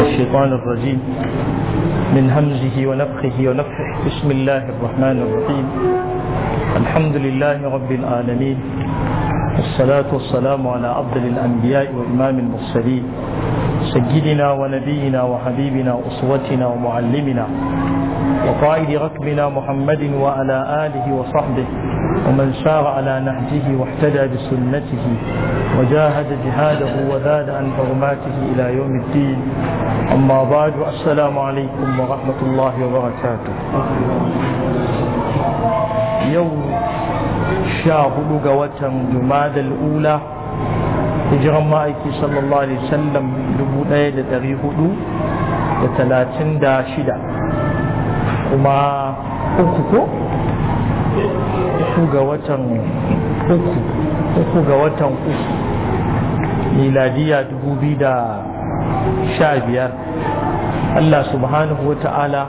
الشيطان الرجيم من همزه ونفخه ونفخه بسم الله الرحمن الرحيم الحمد لله رب العالمين والصلاة والسلام على أفضل الأنبياء وإمام المرسلين سيدنا ونبينا وحبيبنا وأسوتنا ومعلمنا وقائد ركبنا محمد وعلى آله وصحبه ومن سار على نهجه واحتدى بسنته وجاهد جهاده وزاد عن حرماته إلى يوم الدين أما بعد السلام عليكم ورحمة الله وبركاته يوم شاغل قوة جماد الأولى hijiran ma'aiki sallallahu alaihi wasallam 1436 kuma uku ko uku ga watan uku uku dubu watan da miladiya 2015 Allah subhanahu wa ta'ala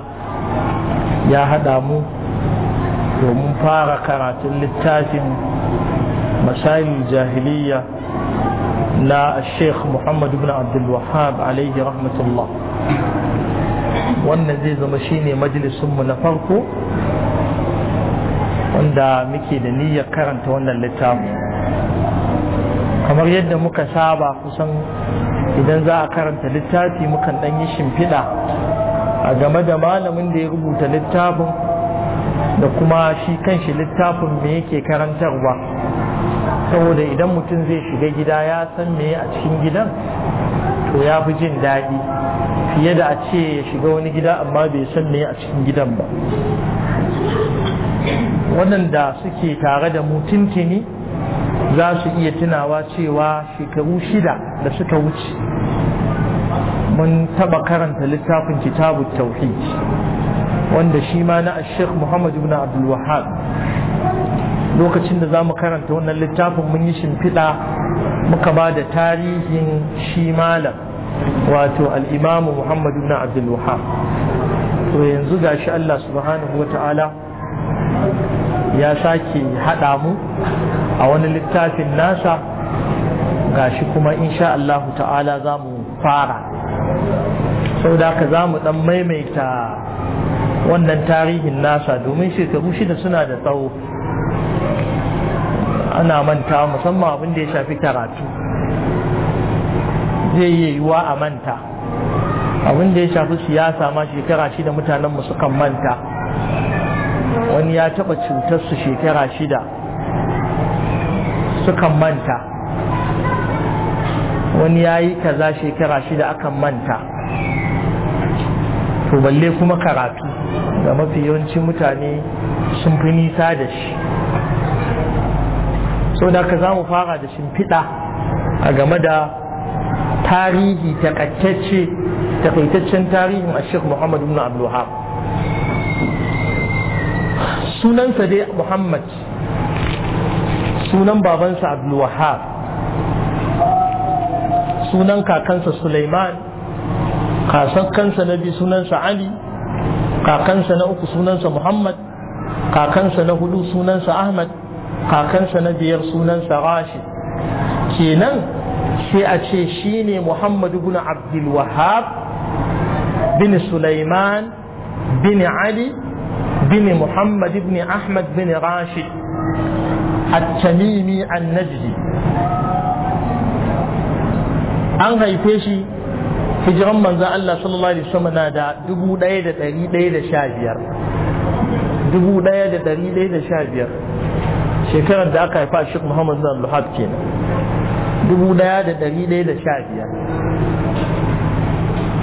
ya haɗa mu domin fara karatun littafin masayin jahiliya na Sheikh Muhammad ibn Abdul wahab alaihi rahmatullah wannan zai zama shine majalisun mu na farko wanda muke da niyyar karanta wannan littafi kamar yadda muka saba kusan idan za a karanta littafi mukan dan yi shimfiɗa a game da malamin da ya rubuta littafin da kuma shi kanshi littafin me yake karantarwa saboda idan mutum zai shiga gida ya san me a cikin gidan to ya fi jin daɗi fiye da a ce ya shiga wani gida amma bai san me a cikin gidan ba waɗanda suke tare da mu ne za su iya tunawa cewa shekaru shida da suka wuce mun taɓa karanta littafin kitabu tauhid wanda shi ma na ashek muhammad ibn abdul lokacin da za mu karanta wannan littafin mun yi shimfiɗa muka ba da tarihin shi malam wato al'imamu muhammadu na abdulluha to yanzu ga shi allah subhanahu wa ta'ala ya sake haɗa mu a wani littafin nasa ga shi kuma insha Allah ta'ala za mu fara sau da ka za mu ɗan maimaita wannan tarihin nasa domin shekaru shida suna da tsawo ana manta musamman abin da ya shafi karatu zai yi yiwuwa a manta abin da ya shafi siyasa ma shekara shida mutanen mu sukan manta wani ya taba cutar su shekara shida sukan manta wani ya yi kaza shekara shida akan manta to balle kuma karatu ga mafi yawancin mutane sun fi nisa da shi so da za mu fara da shimfiɗa a game da tarihi takaitacce takaitaccen tarihin ashir muhammad ibn abdulhab sunansa dai muhammad sunan babansa abdulwahab sunan kakansa suleiman kakansa na biyu sunansa ali kakansa na uku sunansa muhammad kakansa na hudu sunansa ahmad kakansa na biyar sunansa rashid kenan sai a ce shi ne Muhammadu abdul wahab bin sulaiman bin ali bin Muhammadu, ibn ahmad bin rashid A النجدي an An haife shi hijiran manzan Allah sallallahu alaihi wasallam na da 1115 shekarar da aka haifa shi muhammad bin Luhab ke dubu daya da dari daya da sha biyar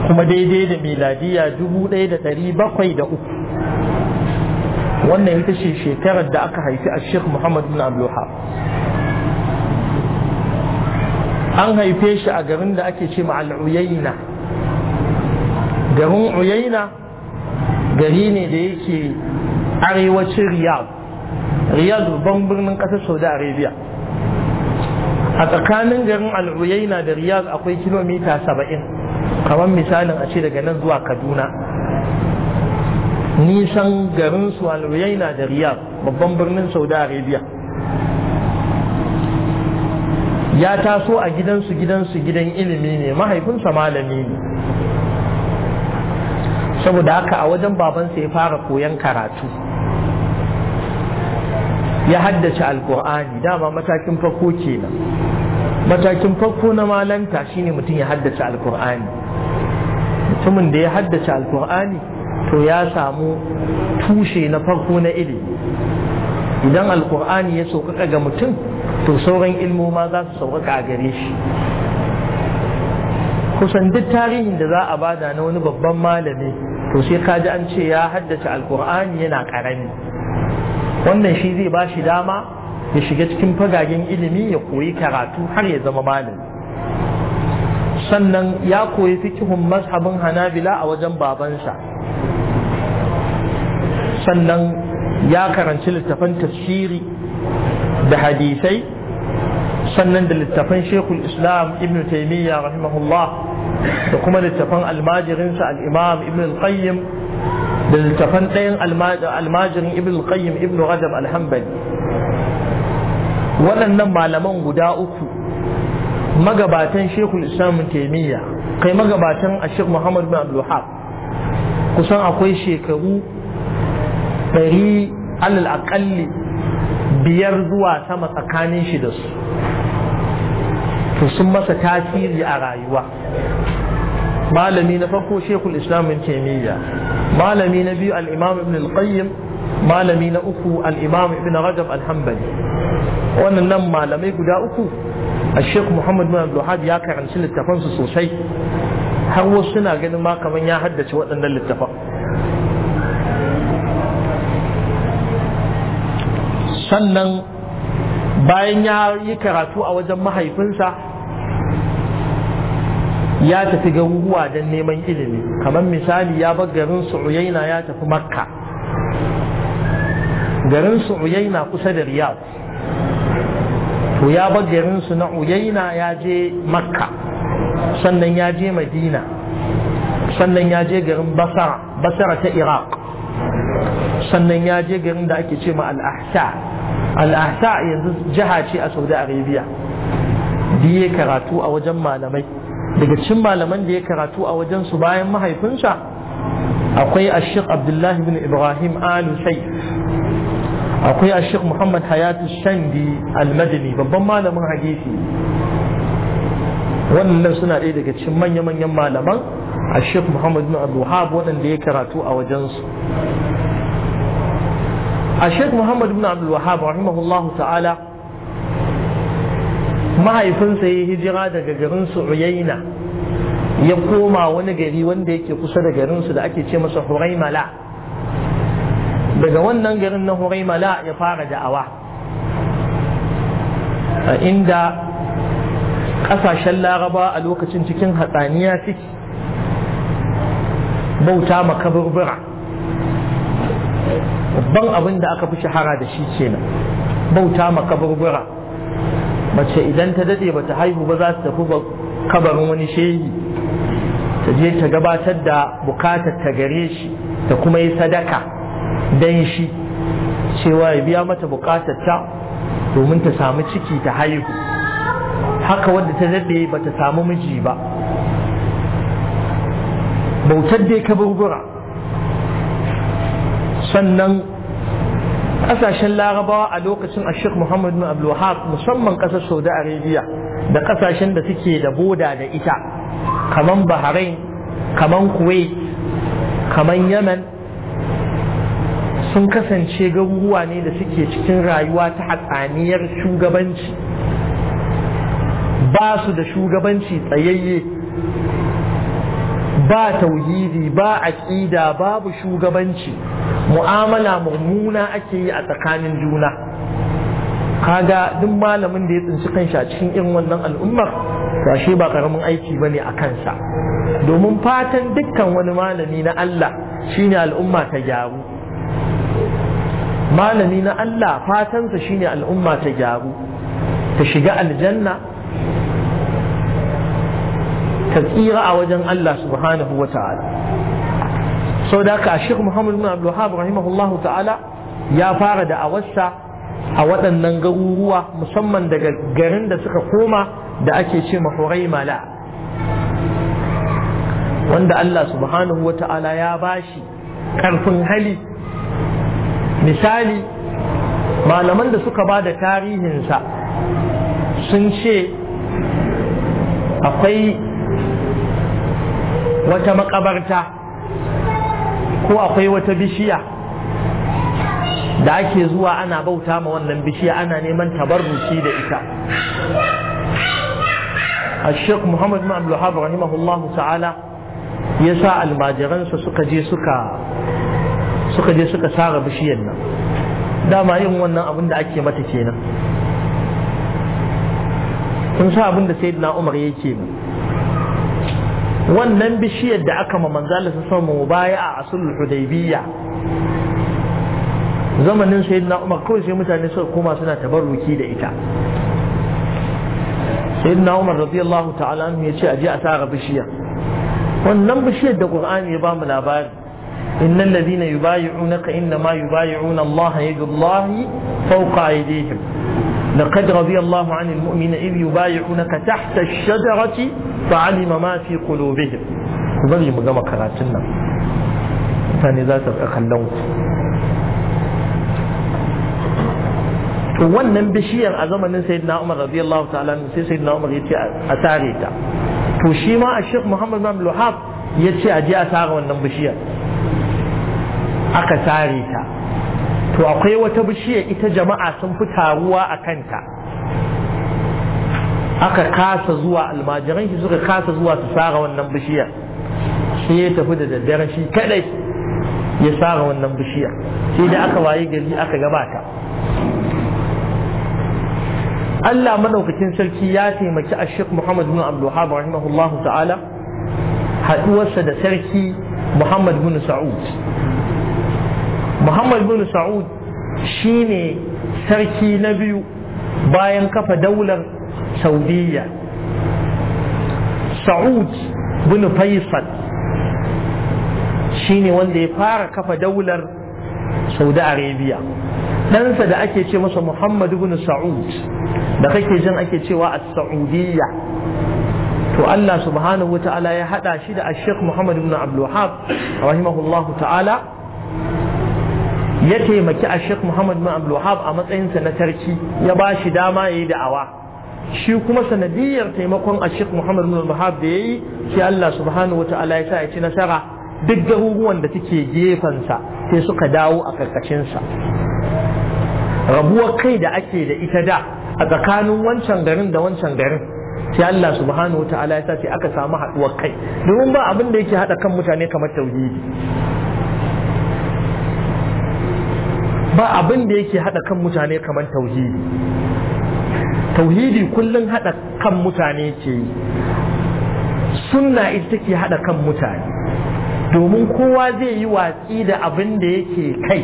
kuma daidai da miladiya dubu daya da dari bakwai da uku wannan ita ce shekarar da aka haifi a sheikh muhammad bin abdulhab an haife shi a garin da ake ce ma'al uyaina garin uyaina gari ne da yake arewacin riyadh riyadu babban birnin kasar saudi arabia a tsakanin garin al'uyaina da Riyaz akwai kilomita saba'in kamar misalin a ce daga nan zuwa kaduna nisan garin su al'uyaina da Riyaz babban birnin saudi arabia ya taso a gidansu gidansu gidan ilimi ne mahaifinsa malami ne saboda haka a wajen babansa ya fara koyon karatu ya haddace alkur'ani dama matakin farko kenan matakin farko na malanta shine mutum ya haddace alkur'ani mutumin da ya haddace alkur'ani to ya samu tushe na farko na ilimi idan alkur'ani ya sauƙaƙa ga mutum to sauran ilmoma za su sauƙaƙa a gare shi kusan duk tarihin da za a bada na wani babban malami to sai ka ji an ce ya haddace alkur'ani yana ƙarami wannan shi zai ba shi dama ya shiga cikin fagagen ilimi ya koyi karatu har ya zama malami sannan ya koyi fikihun mazhabin hanabila a wajen babansa sannan ya karanci littafan tafsiri da hadisai sannan da littafan shekul islam ibn taimiyya rahimahullah da kuma littafan almajirinsa al'imam ibn al-qayyim da littafan ɗayan almajirin ibn qayyim ibn rajab alhambali waɗannan malaman guda uku magabatan shekul islam taimiyya kai magabatan ashir muhammad bin abdulhaq kusan akwai shekaru ɗari alal aƙalli biyar zuwa sama tsakanin shi da su sun masa tasiri a rayuwa malami na farko shekul islam ibn taimiyya malami na biyu al ibn al-qayyim malami na uku al ibn rajab al wannan nan malamai guda uku a shekul muhammad bin abdulhad ya karanci littafansu sosai har wasu suna ganin ma kamar ya haddace waɗannan littafan sannan bayan ya yi karatu a wajen mahaifinsa ya tafi garuruwa don neman ilimi kamar misali ya bar garin su'uyaina ya tafi makka garin su'uyaina kusa da riyadh to ya bar garin su na uyaina ya je makka sannan ya je madina sannan ya je garin basara basara ta iraq sannan ya je garin da ake ce ma al-ahsa al-ahsa yanzu jiha ce a saudi arabia biye karatu a wajen malamai daga cikin malaman da ya karatu a wajen su bayan mahaifinsa akwai ashir abdullahi bin ibrahim alu sai akwai ashir muhammad hayatu shandi almadani babban malamin hadisi wannan suna ɗaya daga cikin manya-manyan malaman ashir muhammad bin abdullahab waɗanda ya karatu a wajensu ashir muhammad bin abdullahab rahimahullahu ta'ala mahaifinsa ya hijira daga garin su uyaina ya koma wani gari wanda yake kusa da garin su da ake ce masa huraimala daga wannan garin na huraimala ya fara da'awa a inda ƙasashen laraba a lokacin cikin hatsaniya suke bauta makaburbura babban abin da aka fi shahara da shi kenan bauta makaburbura mace idan ta dade bata haihu ba za su tafi kabarin wani shehi ta je ta gabatar da bukatar ta gare shi ta kuma yi sadaka dan shi cewa ya biya mata bukatar ta domin ta samu ciki ta haihu haka wanda ta dade bata samu miji ba bautar dai kaburbura sannan kasashen larabawa a lokacin ashik muhammad bin abdulwahab musamman kasar saudi arabia da kasashen da suke da boda da ita kaman bahrain kaman kuwait kaman yaman sun kasance garuruwa ne da suke cikin rayuwa ta hatsaniyar shugabanci ba su da shugabanci tsayayye ba tauhidi ba aƙida babu shugabanci mu'amala mummuna ake yi a tsakanin juna kaga duk malamin da ya tsinci kanshi a cikin irin wannan al'ummar to shi ba karamin aiki bane a kansa domin fatan dukkan wani malami na Allah shine al'umma ta gyaru malami na Allah fatansa shine al'umma ta gyaru ta shiga aljanna ka tsira a wajen Allah subhanahu wa ta'ala sau da ka Sheikh Muhammad bin Abdul Wahab rahimahullahu ta'ala ya fara da awarsa a waɗannan garuruwa musamman daga garin da suka koma da ake ce mahurai mala wanda Allah subhanahu wa ta'ala ya bashi karfin hali misali malaman da suka ba da tarihinsa sun ce akwai wata makabarta ko akwai wata bishiya da ake zuwa ana bauta ma wannan bishiya ana neman ta tabarruki da ita A shek بن عبد الوهاب رحمه الله تعالى يسا الماجران suka je suka suka bishiyar nan dama yin wannan abin da ake mata kenan kun sa abin da sayyidina Umar yake nan wannan bishiyar da aka ma manzala su sama mubaya'a a sulhu hudaybiyya zamanin sayyidina umar kawai sai mutane suka koma suna tabarruki da ita sayyidina umar radiyallahu ta'ala anhu yace aje a tara bishiyar wannan bishiyar da qur'ani ya bamu labari innal ladina yubayi'unaka innama yubayi'una Allah yadullahi fawqa aydihim لقد رضي الله عن المؤمن إذ يبايعونك تحت الشجرة فعلم ما في قلوبهم بل مجمع كراتنا ثاني ذات أخلون to wannan bishiyar a zamanin sayyidina Umar radiyallahu ta'ala sai sayyidina Umar yace a tare ta to shi ma a Sheikh Muhammad bin Luhab yace a je a tare wannan bishiyar aka tare ta to akwai wata bishiya ita jama'a sun fi taruwa a kanta aka kasa zuwa almajiran shi suka kasa zuwa su sara wannan bishiyar sai ya tafi da daddare shi kadai ya sara wannan bishiyar sai da aka waye gari aka gabata Allah madaukakin sarki ya taimaki a Sheikh Muhammad bin Abdulhab rahimahullahu ta'ala haɗuwarsa da sarki Muhammad bin Sa'ud muhammad bin sa'ud ne sarki na biyu bayan kafa daular Sa'udiyya. sa'ud bin faisal shine wanda ya fara kafa daular saudi arabia ɗansa da ake ce masa muhammad bin sa'ud da kake jin ake cewa a saudiyya to Allah subhanahu wa ta'ala ya haɗa shi da ashek Muhammad bin Abdul Wahab rahimahullahu ta'ala ya taimaki a Sheikh Muhammad bin Abdul a matsayinsa na sarki ya ba shi dama yayi da'awa shi kuma sanadiyar taimakon a Sheikh Muhammad bin Abdul da da yi. shi Allah subhanahu wataala ya sa ya ci nasara duk garuruwan da take gefensa sai suka dawo a karkashin rabuwar kai da ake da ita da a tsakanin wancan garin da wancan garin sai Allah subhanahu wataala ya sa sai aka samu haɗuwar kai domin ba abin da yake haɗa kan mutane kamar tauhidi ba abin da yake haɗa kan mutane kamar tauhidi tauhidi kullum haɗa kan mutane ce sunna ita take haɗa kan mutane domin kowa zai yi watsi da abin da yake kai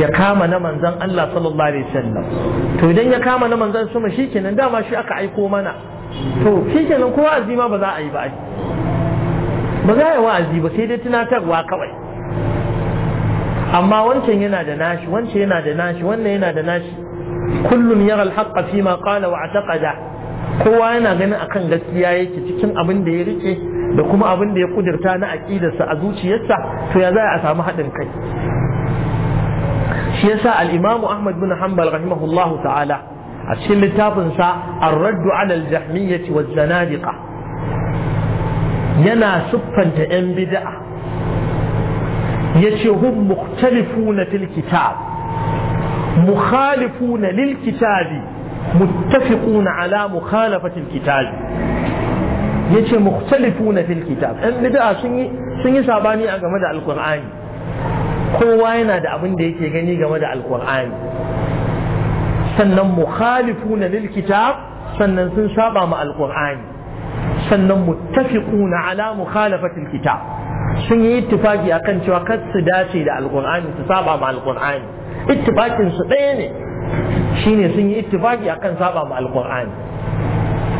ya kama na manzan Allah sallallahu alaihi wasallam to idan ya kama na manzan sama shikenan dama shi aka aiko mana to shikenan kowa azima ba za a yi ba ba za a yi wa'azi ba sai dai tunatarwa kawai amma wancan yana da nashi wancan yana da nashi wannan yana da nashi kullum ya alhaqqa fi ma qala wa ataqada kowa yana ganin akan gaskiya yake cikin abin da ya rike da kuma abin da ya kudirta na aqidarsa a zuciyarsa to ya za a samu haɗin kai shi yasa al-imamu ahmad bin hanbal rahimahullahu ta'ala a cikin littafin sa ar-raddu 'ala al-jahmiyyah wa zanadiqa yana siffanta 'yan bida'a. yace hum na fil mukhalifu na lil kitabi muttafiquna ala mukhalafati al kitab yace mukhtalifuna fil kitab an bid'a sun yi sun yi sabani a game da alqur'ani kowa yana da abin da yake gani game da alkur'ani sannan mukhalifu na lilkita sannan sun saba ma alkur'ani sannan na ala mukhalafati al kitab sun yi ittifaki akan cewa kar su dace da alqur'ani su saba ma alqur'ani ittifakin su ɗaya ne shine sun yi ittifaki akan saba ma alqur'ani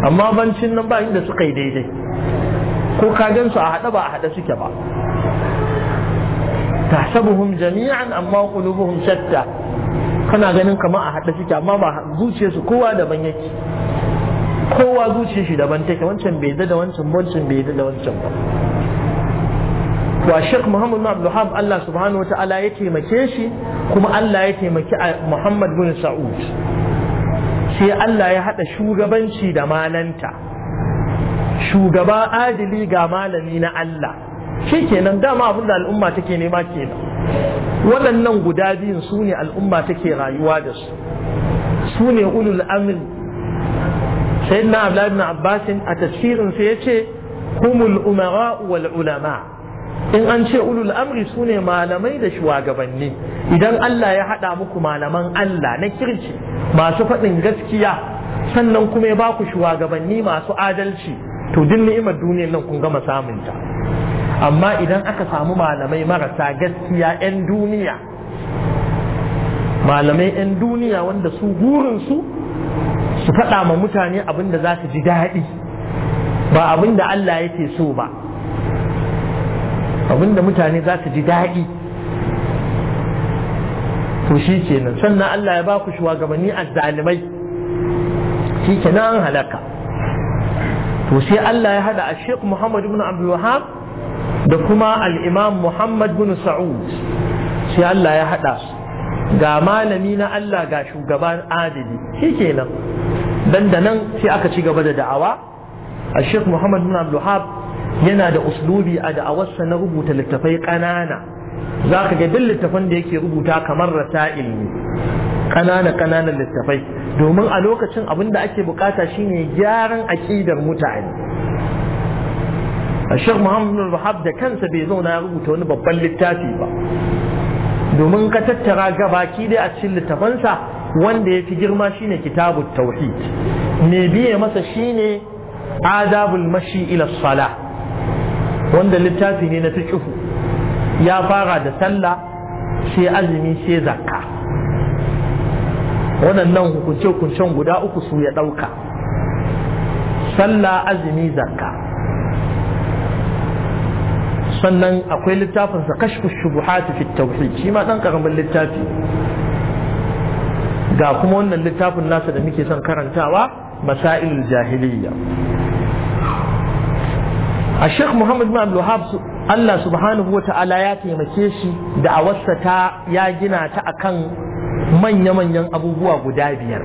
amma bancin nan ba inda suka yi daidai ko ka gan su a hada ba a hada suke ba tahsabuhum jami'an amma qulubuhum shatta kana ganin kamar a hada suke amma ba su kowa daban yake kowa zuciyar shi daban take wancan bai da wancan wancan bai da wancan ba wa Sheikh Muhammad bin Abdul Wahab Allah subhanahu wa ta'ala ya taimake shi kuma Allah ya taimaki ah, Muhammad bin Sa'ud sai Allah ya hada shugabanci da malanta shugaba adili ga malami na Allah shikenan dama abin da al'umma take nema kenan waɗannan guda biyun su ne al'umma take rayuwa da su su ne ulul Amin, sayyidina Abdullahi bin Abbasin, a tafsirin sa yace humul umara wal ulama in an ce ulul amri su ne malamai da shugabanni idan Allah ya haɗa muku malaman Allah na kirki masu faɗin gaskiya sannan kuma ya baku shugabanni masu adalci to duk ni'imar duniyar nan kun gama samunta amma idan aka samu malamai marasa gaskiya 'yan duniya malamai 'yan duniya wanda su gurinsu su faɗa ma mutane abin da za su ji daɗi ba abin da Allah yake so ba abinda mutane za su ji daɗi to shi kenan sannan Allah ya ba ku shugabanni zalimai shi kenan an halaka to sai Allah ya hada a Sheikh Muhammad ibn Abdul Wahab da kuma al-Imam Muhammad ibn Sa'ud sai Allah ya hada ga malami na Allah ga shugaban adili shi kenan dan da nan sai aka ci gaba da da'awa a Sheikh Muhammad ibn Abdul Wahab yana da uslubi a da'awarsa na rubuta littafai ƙanana za ka ga duk littafan da yake rubuta kamar rasa'il ne ƙanana ƙananan littafai domin a lokacin abin da ake bukata shine gyaran aƙidar mutane Sheikh Muhammad da kansa bai zauna ya rubuta wani babban littafi ba domin ka tattara gabaki dai a cikin littafansa wanda ya fi girma shine kitabu tauhid me biye masa shine adabul mashi ila salah wanda littafi ne na fiqh ya fara da sallah sai azumi sai zakka waɗannan hukunce-hukuncen guda uku su ya ɗauka sallah azumi zakka sannan akwai littafinsa kashfu shubuhati fi tauhid shi ma dan karamin littafi ga kuma wannan littafin nasa da muke son karantawa masailul jahiliyya a sheikh muhammad bin abdulhab allah subhanahu wata'ala ya taimake shi da a ta ya gina ta akan manya-manyan abubuwa guda biyar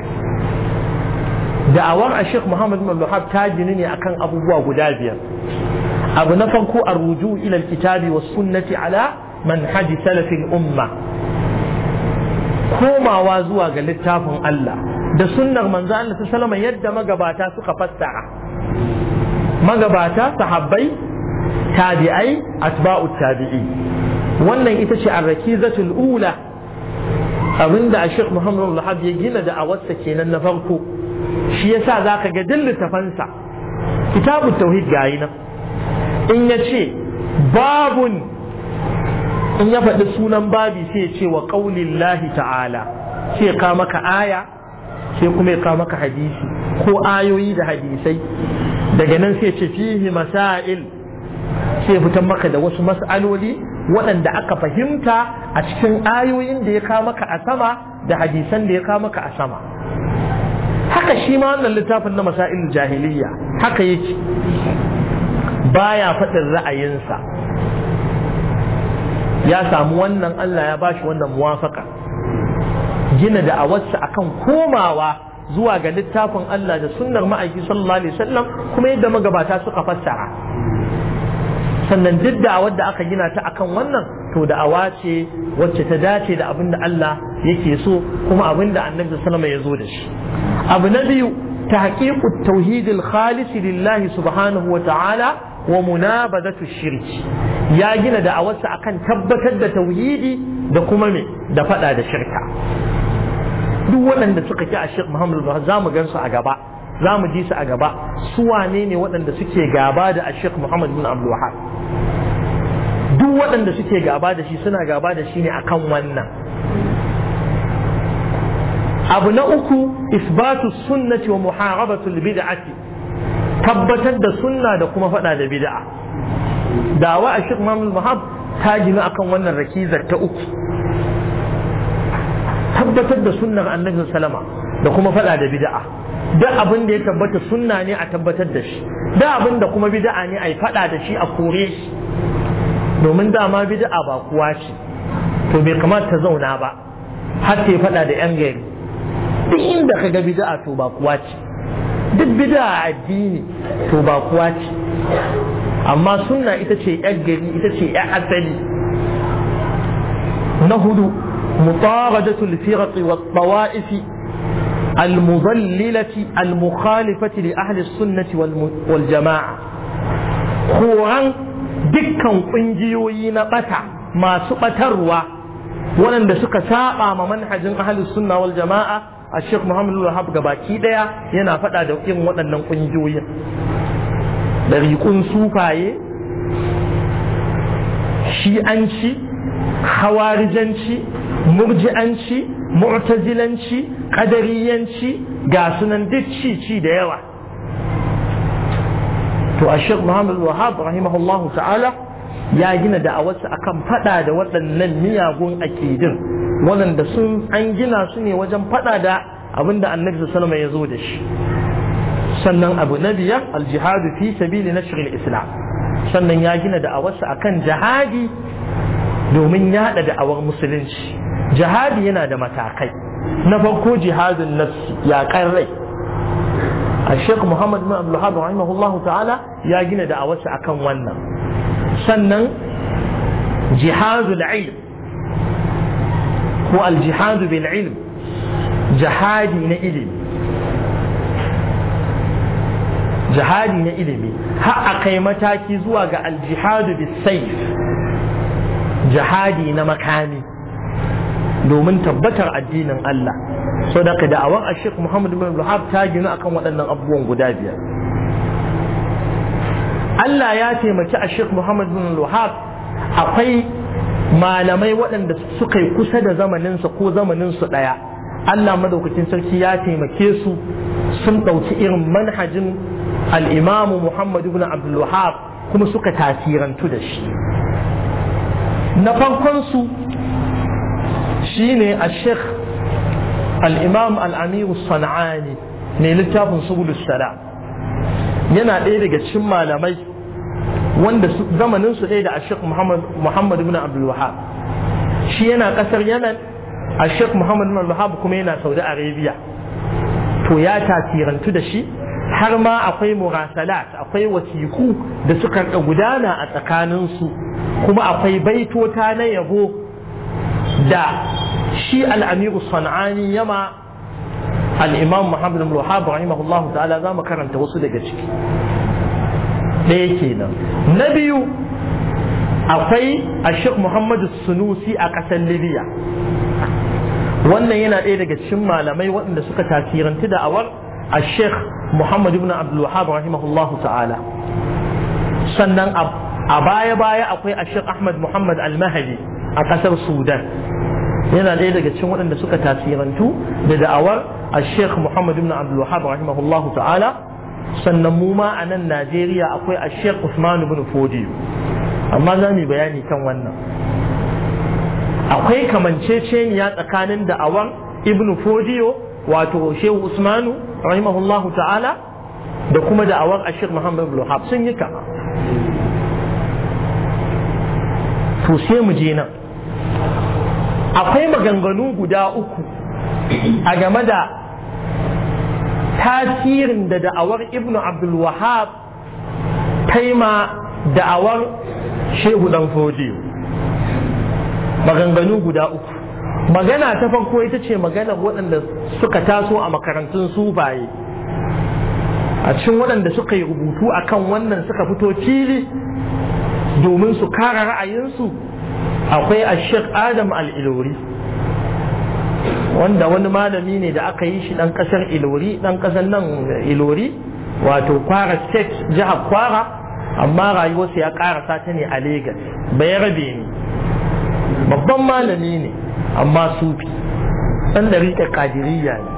da'awar a sheikh muhammad bin abdulhab ta gini ne akan abubuwa guda biyar abu na farko a ruju ilal kitabi wa sunnati ala manhaji salafin umma komawa zuwa ga littafin allah da sunnar manzo Allah sallama yadda magabata suka fassara magabata sahabbai tabi'ai asba'u, tabi'i wannan ita ce arrakizatul ula abinda a Sheikh Muhammad Lahab ya gina da awarsa kenan na farko shi yasa zaka ga duk littafansa kitabu tauhid gayi nan in ya ce babun in ya faɗi sunan babi sai ya ce wa ƙaunin lahi ta'ala sai ka maka aya sai kuma ya maka hadisi ko ayoyi da hadisai daga nan sai ce fihi masail sai fitan maka da wasu mas'aloli waɗanda aka fahimta a cikin ayoyin da ya kawo maka a sama da hadisan da ya kawo maka a sama haka shi ma wannan littafin na masail jahiliya haka yake baya faɗin ra'ayinsa ya samu wannan Allah ya bashi wannan muwafaka gina da a akan komawa zuwa ga littafin Allah da sunnar ma'aiki sallallahu alaihi wasallam kuma yadda magabata suka fassara sannan duk da'awar da aka gina ta akan wannan to da'awa ce wacce ta dace da abin da Allah yake so kuma abin da annabi sallallahu alaihi ya zo da shi abu na biyu wa التوحيد الخالص لله سبحانه ya gina da'awarsa akan tabbatar da Tauhidi da kuma da faɗa da shirka. duk waɗanda suka ki a Sheikh Muhammad Buhari za mu gansu a gaba za mu ji su a gaba su wane ne waɗanda suke gaba da a Sheikh Muhammad bin Abdul Wahab duk waɗanda suke gaba da shi suna gaba da shi ne akan wannan abu na uku isbatu sunnati wa muharabatul bid'ati tabbatar da sunna da kuma faɗa da bid'a dawa a Sheikh Muhammad Buhari ta gina akan wannan rakizar ta uku tabbatar da sunnan annabi sallama da kuma faɗa da bid'a duk abin da ya tabbata sunna ne a tabbatar da shi duk abin da kuma bid'a ne a faɗa da shi a kore shi domin dama bid'a ba kuwa ce to bai kamata ta zauna ba har ta faɗa da yan gari duk inda ka ga bid'a to ba kuwa ce duk bid'a addini to ba kuwa ce amma sunna ita ce yan gari ita ce yan asali na hudu مطاردة الفرق والطوائف المضللة المخالفة لأهل السنة والجماعة خوراً دكا قنجيوين قتا ما سقطروا ولن بسك ساقا ما أهل السنة والجماعة الشيخ محمد الوهاب gabaki daya yana faɗa ولن قنجيوين waɗannan يكون da شيئاً sufaye shi'anci hawarijanci murji'anci mu'tazilanci qadariyanci ga sunan duk ci ci da yawa to a shek muhammad wahab rahimahullahu ta'ala ya gina da'awarsa akan fada da waɗannan miyagun akidin waɗanda sun an gina su ne wajen fada da abinda annabi sallama ya zo da shi sannan abu na biyar aljihadu fi sabili na shirin islam sannan ya gina da'awarsa akan jihadi domin yada da'awar musulunci jihadi yana da matakai na farko jihadin nafsi ya kan rai a sheikh muhammad bin abdullahab rahimahullah ta'ala ya gina da'awarsa akan wannan sannan jihadul ilm ko aljihadu bil ilm jihadi na ilimi jihadi na ilimi har a kai mataki zuwa ga aljihadu bis sayf jihadi na makami domin tabbatar addinin Allah so da ka da'awar ashik Muhammad bin Luhab ta gina akan waɗannan abubuwan guda biyar Allah ya taimaki ashik Muhammad bin Luhab akwai malamai waɗanda suka yi kusa da zamaninsa ko zamaninsu ɗaya Allah madaukakin sarki ya taimake su sun ɗauki irin manhajin al'imamu Muhammad bin Abdul Wahab kuma suka tasirantu da shi na farkon su shine al-sheikh al-imam al-amir sanani ne littafin subul sala. yana ɗaya daga cikin malamai wanda zamanin su ɗaya da ashek muhammad ibn abdul wahab shi yana ƙasar yanan a muhammad ibn bin kuma yana saudi arabia to ya tasirantu da shi har ma akwai murasalat akwai wasiku da suka gudana a tsakaninsu kuma akwai baitota na yabo da shi al'amiru sana'ani yama al'imam muhammad ruhab rahimahullah ta'ala za mu karanta wasu daga ciki ɗaya kenan na biyu akwai ashik Muhammadu sunusi a ƙasar libya wannan yana ɗaya daga cikin malamai waɗanda suka tasirantu da awar a ashik muhammad ibn abdul wahab ta'ala sannan a baya baya akwai ashir ahmad muhammad almahali a kasar sudan yana ɗaya daga cikin waɗanda suka tasirantu da da'awar ashir muhammad ibn abdul wahab ta'ala sannan mu ma a nan najeriya akwai ashir usman ibn fodiyo amma za mu bayani kan wannan akwai kamanceceniya tsakanin da'awar ibn fodiyo wato shehu usmanu rahimahullahu ta'ala da kuma da'awar ashir muhammad ibn sun yi kama to sai mu je nan akwai maganganu guda uku a game da tasirin da da'awar ibn abdul wahab taima da'awar shehu dan foji maganganu guda uku magana ta farko ita ce magana waɗanda suka taso a makarantun sufaye a cikin waɗanda suka yi rubutu akan wannan suka fito fili domin su kara ra'ayinsu akwai a ashek adam al'ilori wanda wani malami ne da aka yi shi dan ƙasar ilori ɗan ƙasar nan ilori wato kwara state jihar kwara amma rayuwarsa ya kara ta ne a Legas. bai rabe ne babban malami ne amma sufi ɗan rike ƙadiriya ne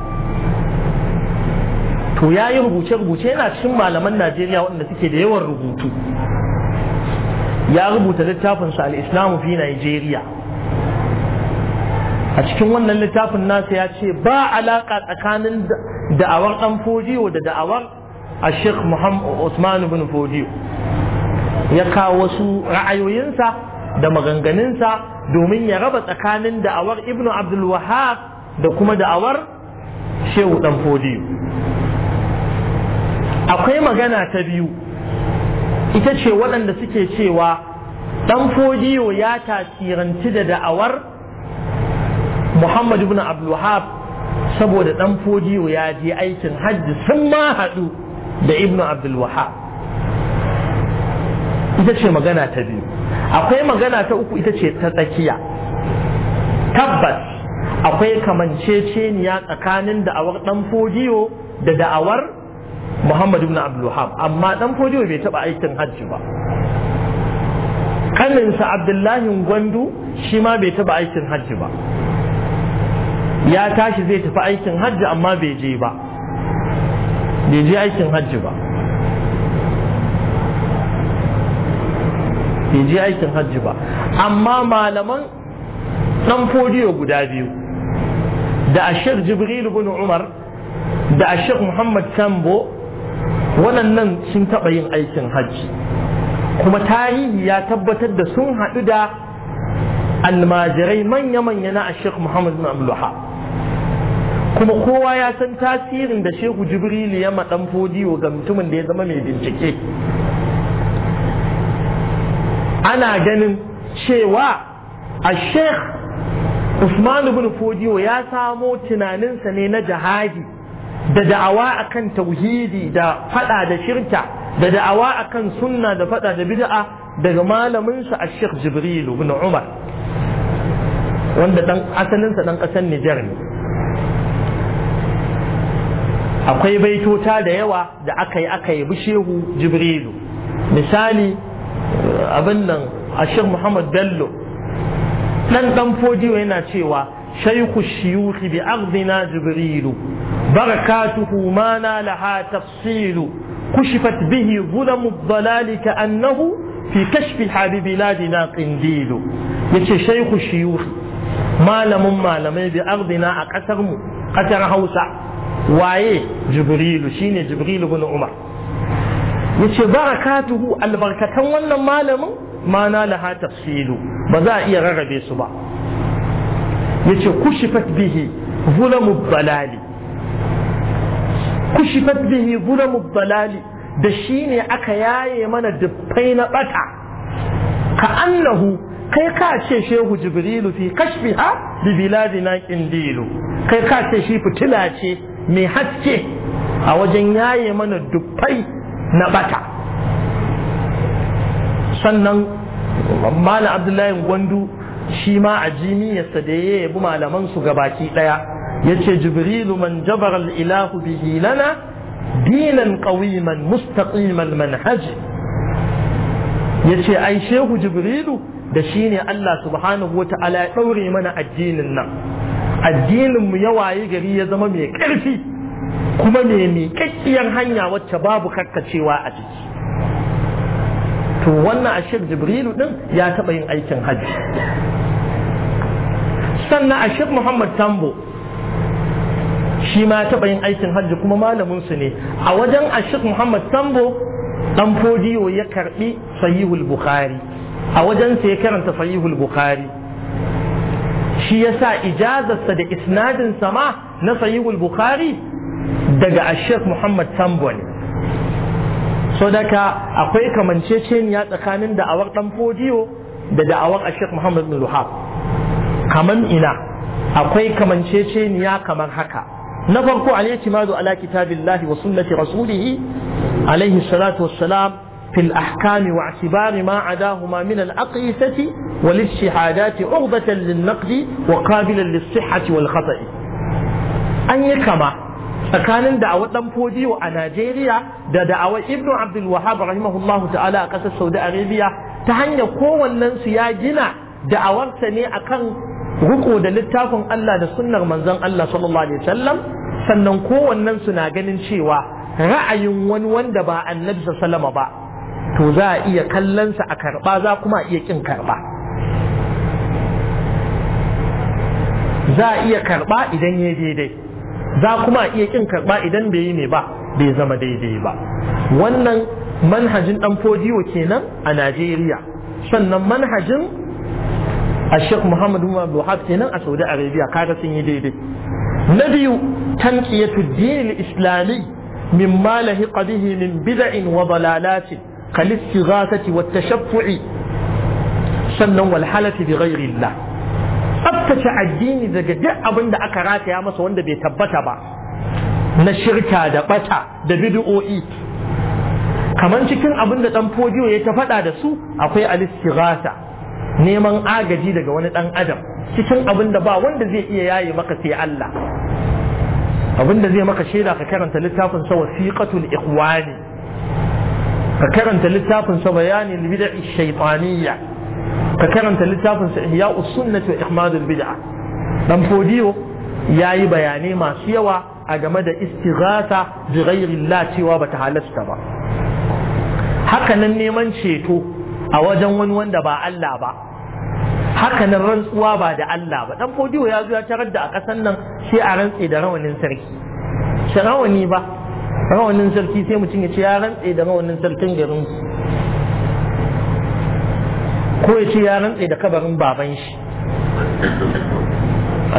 to ya yi rubuce-rubuce yana cikin malaman najeriya waɗanda suke da yawan rubutu ya rubuta littafinsa Al'islamu fi Nigeria a cikin wannan littafin nasa ya ce ba alaƙa tsakanin da'awar ɗan fodiyo da da'awar a muhammad usman bin fodiyo ya kawo wasu ra'ayoyinsa da maganganunsa domin ya raba tsakanin da'awar Ibnu abdul wahab da kuma da'awar shehu ɗan fodiyo akwai magana ta biyu ita ce waɗanda suke cewa ɗan fodiyo ya tasiranci da da'awar muhammad ibn abdulwahab saboda ɗan fodiyo ya je aikin hajji sun ma haɗu da ibn abdulwahab ita ce magana ta biyu akwai magana ta uku ita ce ta tsakiya tabbas akwai kamanceceniya tsakanin da'awar ɗan fodiyo da da'awar Muhammad ibn Abdul Wahab amma dan Fodiyo bai taba aikin hajji ba kaninsa Abdullahi Gwandu shi ma bai taba aikin hajji ba ya tashi zai tafi aikin hajji amma bai je ba bai je aikin hajji ba bai je aikin hajji ba amma malaman dan Fodiyo guda biyu da Ashir Jibril ibn Umar da Ashir Muhammad Sambo waɗannan sun taɓa yin aikin hajji kuma tarihi ya tabbatar da sun haɗu da almajirai manya-manya na ashek muhammad bin abdullaha kuma kowa ya san tasirin da shehu Jibrilu ya maɗan fodiyo ga mutumin da ya zama mai bincike ana ganin cewa ashek usman bin fodiyo ya samo tunaninsa ne na jihadi da da'awa akan tauhidi da fada da shirka da da'awa akan sunna da fada da bid'a daga malamin sa Sheikh Jibril ibn Umar wanda dan asalin sa dan kasar Niger ne akwai baitota da yawa da aka yi aka yi shehu Jibrilu misali abin nan sheikh Muhammad Bello dan dan fojiwa yana cewa shaykhu shiyuhi bi ardina Jibrilu بركاته ما نالها تفصيل كشفت به ظلم الضلال كأنه في كشف الحبيب بلادنا قنديل يتشي شيخ الشيوخ ما لم ما لم بأرضنا أكثر قتر هوسع وايه جبريل شين جبريل بن عمر yace barakatuhu albarkatan wannan malamin ma na laha tafsilu ba za a iya rarrabe su ba yace kushifat bihi zulamu balali kushifat bihi gulamu dalali da shi ne aka yaye mana dubbai na bata ka annahu kai ka ce shehu jibrilu fi kashfiha bi biladina kindilu kai ka ce shi fitila ce mai haske a wajen yaye mana dubbai na bata sannan malam abdullahi gwandu shi ma a jimiyarsa da ya yabi malaman su gabaki daya yace jibrilu man jabara al-ilahu bihi lana dinan qawiman mustaqiman manhaji yace ai shehu jibrilu da shine Allah subhanahu ta'ala ya daure mana addinin nan addinin mu wayi gari ya zama mai karfi kuma mai miƙaƙƙiyar hanya wacce babu karkacewa a ciki to wannan ashir jibrilu din ya taɓa yin aikin hajji sannan ashir muhammad tambo shi ma taɓa yin aikin hajji kuma malamin ne a wajen ashik muhammad Tambo dan fodiyo ya karbi sahihul bukhari a wajen sa ya karanta sahihul bukhari shi yasa ijazarsa da isnadin sama na sahihul bukhari daga ashik muhammad Tambo ne so akwai kamanceceniya tsakanin da'awar dan fodiyo da da'awar ashik muhammad bin luhab kaman ina akwai kamanceceniya kamar haka na farko al-i'timadu ala kitabillahi wa sunnati rasulih alayhi salatu wassalam في الأحكام واعتبار ما عداهما من الأقيسة والاجتهادات عرضة للنقد وقابلا للصحة an yi kama tsakanin da'awar dan fodiyo a Najeriya da da'awar ibnu Abdul Wahhab rahimahullahu ta'ala a ƙasar Saudi Arabia ta hanyar kowannen su ya gina da'awarsa ne akan riko da littafin Allah da sunnar manzon Allah sallallahu alaihi wasallam sannan kowannen su na ganin cewa ra'ayin wani wanda ba annabi sallama ba to za a iya kallon sa a karba za kuma a iya kin karba za a iya karba idan ya daidai za kuma a iya kin karba idan bai yi ne ba bai zama daidai ba wannan manhajin dan fodiwo kenan a Najeriya sannan manhajin a shek muhammad umar buhari kenan a saudi arabia kaga sun daidai na biyu tanqiyatu dinil islami mimma lahiqa bid'in wa dalalatin kal istighasati sannan wal halati addini daga duk abin da aka rataya masa wanda bai tabbata ba na shirka da bata da bid'o'i kamar cikin abin da dan fodiyo ta faɗa da su akwai al neman agaji daga wani ɗan adam cikin abin da ba wanda zai iya yaye maka sai Allah abin da zai maka shaida ka karanta littafin sa wasiqatul ikhwani ka karanta littafin sa bayani bid'i shaytaniyya ka karanta littafin sa ihya sunnah wa ihmadul bid'a dan fodiyo yayi bayanai masu yawa a game da istighatha bi ghayrillah cewa bata halasta ba haka nan neman ceto a wajen wani wanda ba Allah ba hakanan rantsuwa ba da Allah ba dan fodiyo ya zo ya tarar da a kasan nan sai a rantse da rawanin sarki shi rawani ba rawanin sarki sai mutum ya ce ya rantse da rawanin sarkin garin ko ya ce ya rantse da kabarin baban shi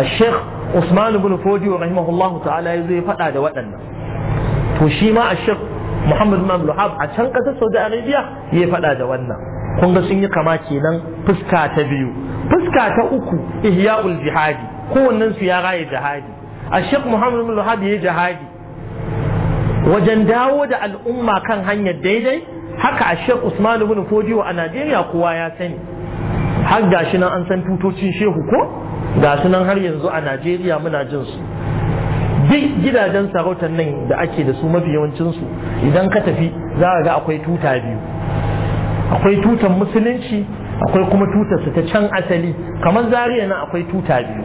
a sheikh usman ibn fodiyo rahimahullahu ta'ala ya zo ya faɗa da waɗannan to shi ma a sheikh muhammad ibn abdul a can ƙasar saudi arabia ya faɗa da wannan kun ga sun yi kama kenan fuska ta biyu fuska ta uku ihya'ul jihadi kowannen su ya raye jihadi a shek muhammad bin ya jihadi wajen dawo da al'umma kan hanyar daidai haka a shek usman bin fodiyo a najeriya kowa ya sani har gashi nan an san tutocin shehu ko gashi nan har yanzu a najeriya muna jin su duk gidajen sarautar nan da ake da su mafi yawancinsu idan ka tafi za ga akwai tuta biyu akwai tutar musulunci akwai kuma tutarsa ta can asali kamar zariya na akwai tuta biyu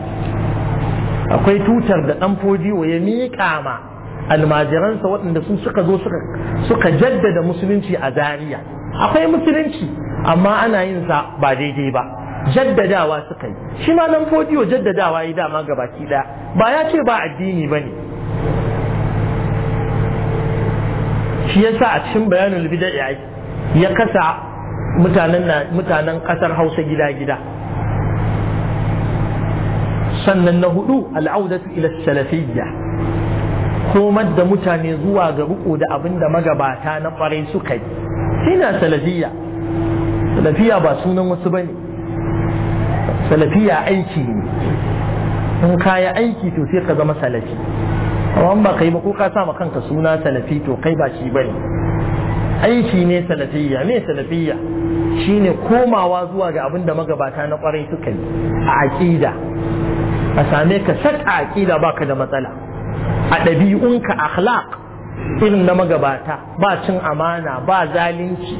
akwai tutar da ɗan fodiyo ya miƙa ma almajiransa waɗanda sun suka zo suka jaddada musulunci a zariya akwai musulunci amma ana yin sa ba daidai ba jaddadawa suka yi shi ma ɗan fodiyo jaddadawa ya dama ga baki ɗaya ba ya ce ba addini ba ne shi yasa a cikin bayanin bida'i ya kasa mutanen ƙasar hausa gida-gida sannan na hudu al'audatu ila salafiyya komar da mutane zuwa ga riko da abinda magabata na kwarai suka yi shine salafiyya salafiyya ba sunan wasu ba salafiyya aiki ne in kaya aiki to sai ka zama salafi amma ba kai ba ko ka sa kanka suna salafi to kai ba shi bane aiki ne salafiyya Ne salafiyya shine komawa zuwa ga abin da magabata na kwarai suka yi a aƙida a same ka saka a aƙida baka da matsala a ɗabi'unka akhlaq irin na magabata ba cin amana ba zalunci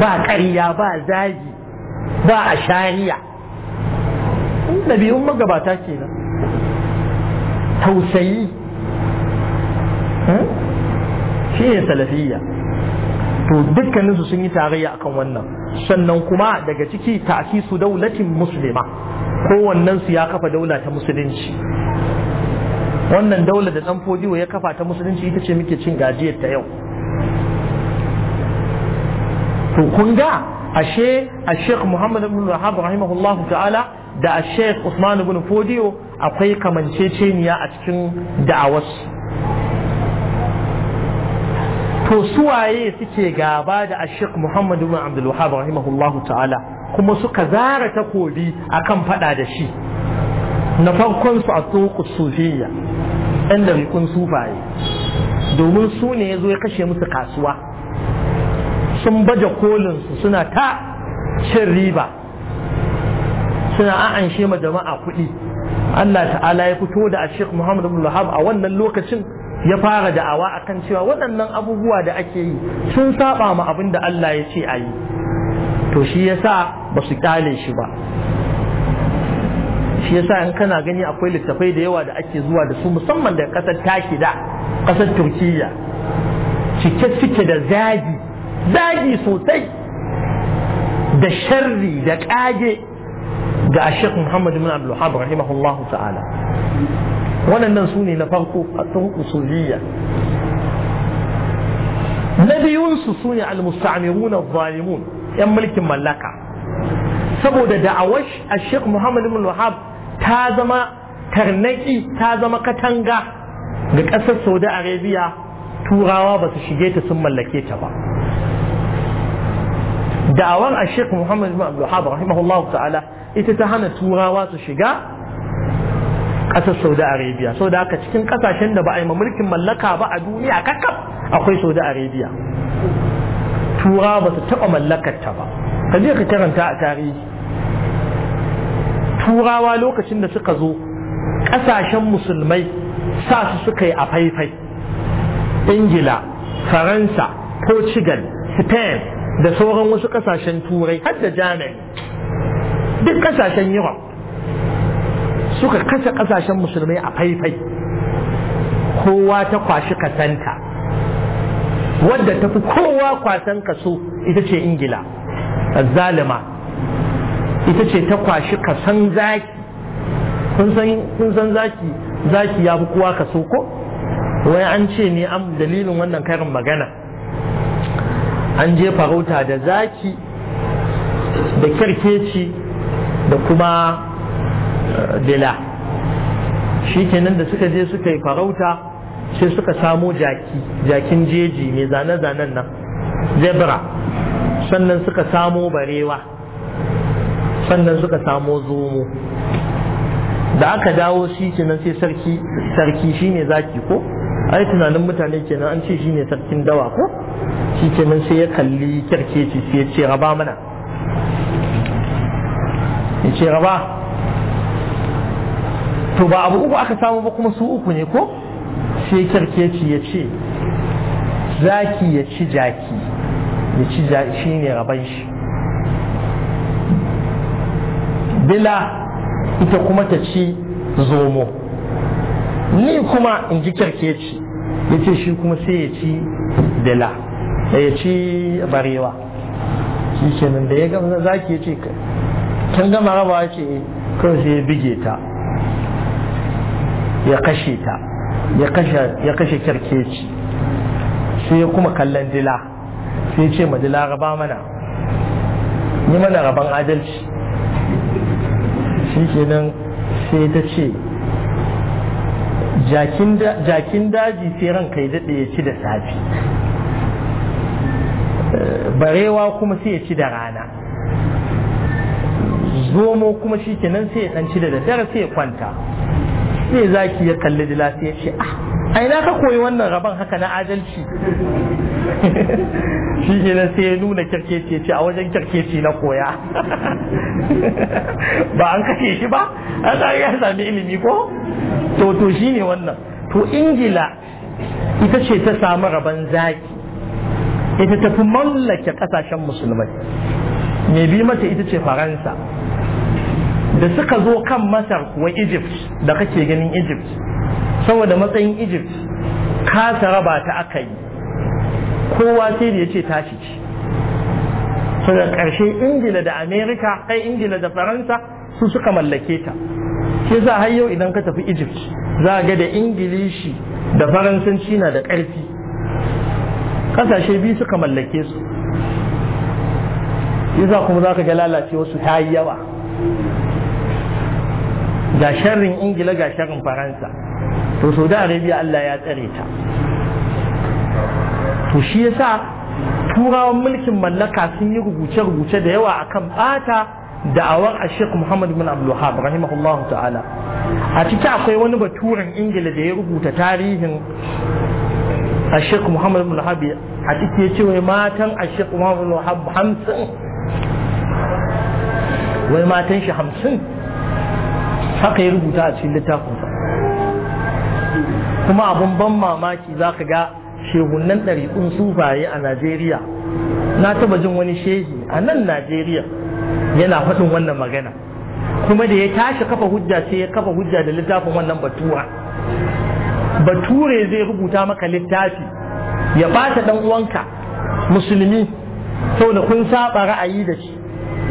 ba ƙarya ba zagi ba a shariya. ɗabi'un magabata kenan tausayi hmm? shi ne salafiyya to dukkaninsu sun yi tarayya akan wannan sannan kuma daga ciki ta'sisu daulatin muslima kowannen su ya kafa daula ta musulunci wannan daular da dan fodiyo ya kafa ta musulunci ita ce muke cin gajiyar ta yau to kun ga ashe a sheikh muhammad ibn rahab rahimahullahu ta'ala da a sheikh usman ibn fodiyo akwai kamanceceniya a cikin da'awarsu to suwaye suke gaba da ashik muhammadu bin abdul wahab rahimahullahu ta'ala kuma suka zara takobi akan fada da shi na farkon su a tsoku sufiya ɗan da rikun sufaye domin su ne ya zo ya kashe musu kasuwa sun baje kolinsu suna ta cin riba suna a'anshe ma jama'a kuɗi Allah ta'ala ya fito da ashik muhammadu bin a wannan lokacin ya fara da'awa akan cewa waɗannan abubuwa da ake yi sun saba ma abin da Allah ya ce a yi to shi sa ba su kyale shi ba shi yasa in kana gani akwai littafai da yawa da ake zuwa da su musamman da ƙasar taki da ƙasar turkiyya cike cike da zagi zagi sosai da sharri da ƙage ga Sheikh Muhammadu bin Abdul ta'ala waɗannan su ne na farko a tun usuliyya na biyunsu su ne almustamiruna zalimun yan mulkin mallaka saboda da'awar a sheikh muhammad ibn wahab ta zama tarnaki ta zama katanga ga ƙasar saudi arabia turawa ba su shige ta sun mallake ta ba da'awar a sheikh muhammad ibn wahab rahimahullahu ta'ala ita ta hana turawa su shiga ƙasar saudi arabia sau da haka cikin ƙasashen da ba a yi mulkin mallaka ba a duniya kakkaf akwai saudi arabia turawa ba su taɓa mallakar ta ba ka je ka karanta a tarihi turawa lokacin da suka zo ƙasashen musulmai sa su suka yi a faifai ingila faransa portugal spain da sauran wasu ƙasashen turai har da jami'in duk ƙasashen europe suka kashe kasashen musulmai a faifai kowa ta kwashi kasanta wadda ta fi kowa kwasan kaso ita ce ingila zalima ita ce ta kwashi kasan zaki kun san zaki zaki ya fi kowa kaso ko wai an ce ne an dalilin wannan karin magana an je farauta da zaki da kyarkeci da kuma dila shi kenan da suka je suka yi farauta sai suka samo jaki jakin jeji mai zane-zanen nan zebra sannan suka samo barewa sannan suka samo zomo da aka dawo shi kenan sai sarki sarki shine zaki ko ai tunanin mutane kenan an ce shine sarkin dawa ko shi kenan sai ya kalli kyarkeci sai ya ce raba mana ya ce raba to ba abu uku aka samu ba kuma su uku ne ko sai kyarkeci ya ce zaki ya ci jaki ya ci jaki shi ne raban shi bila ita kuma ta ci zomo ni kuma in ji kyarkeci ya ce shi kuma sai ya ci bila ya ci barewa shi kenan da ya gama zaki ya ce kan gama raba ya ce eh. kawai sai ya bige ta ya kashe ta ya kashe kirkeci sai ya kuma kallon dila sai ce ma dila raba mana yi mana rabon adalci shi kenan sai ta ce jakin daji sai ran kai daɗe ya ci da safi barewa kuma sai ya ci da rana zomo kuma shi kenan sai ya ɗanci da daddare sai ya kwanta sai zaki ya kalli da ya ce ah a ina ka koyi wannan rabon haka na adalci shi ke nan sai ya nuna kirkeci ce a wajen kirkeci na koya ba an kashe shi ba an ya sami ilimi ko to to shi ne wannan to ingila ita ce ta samu rabon zaki ita ta fi mallake kasashen musulmai mai bi mata ita ce faransa da suka zo kan masar kuwa egypt da kake ganin egypt saboda matsayin egypt kasa raba ta aka yi kowa sai da ya ce tashi ce saboda ƙarshe ingila da amerika kai ingila da faransa su suka mallake ta shi za har yau idan ka tafi egypt za ga da ingilishi da faransanci na da ƙarfi ƙasashe biyu suka mallake su yasa kuma za ka ga lalace wasu ta yi yawa ga sharrin ingila ga sharrin faransa to saudi arabia allah ya tsare ta to shi yasa turawan mulkin mallaka sun yi rubuce-rubuce da yawa akan bata da'awar ashek muhammad bin abdulhab rahimahullahu ta'ala a ciki akwai wani baturen ingila da ya rubuta tarihin ashek muhammad bin abdulhab a ciki ya ce wai matan ashek muhammad bin abdulhab hamsin wai matan shi hamsin haka ya rubuta a cikin littafinsa kuma abin ban mamaki za ka ga shehunan ɗariƙun sufaye a najeriya na taba jin wani shehi a nan najeriya yana faɗin wannan magana kuma da ya tashi kafa hujja sai ya kafa hujja da littafin wannan batuwa bature zai rubuta maka littafi ya bata dan uwanka musulmi saboda kun saba ra'ayi da shi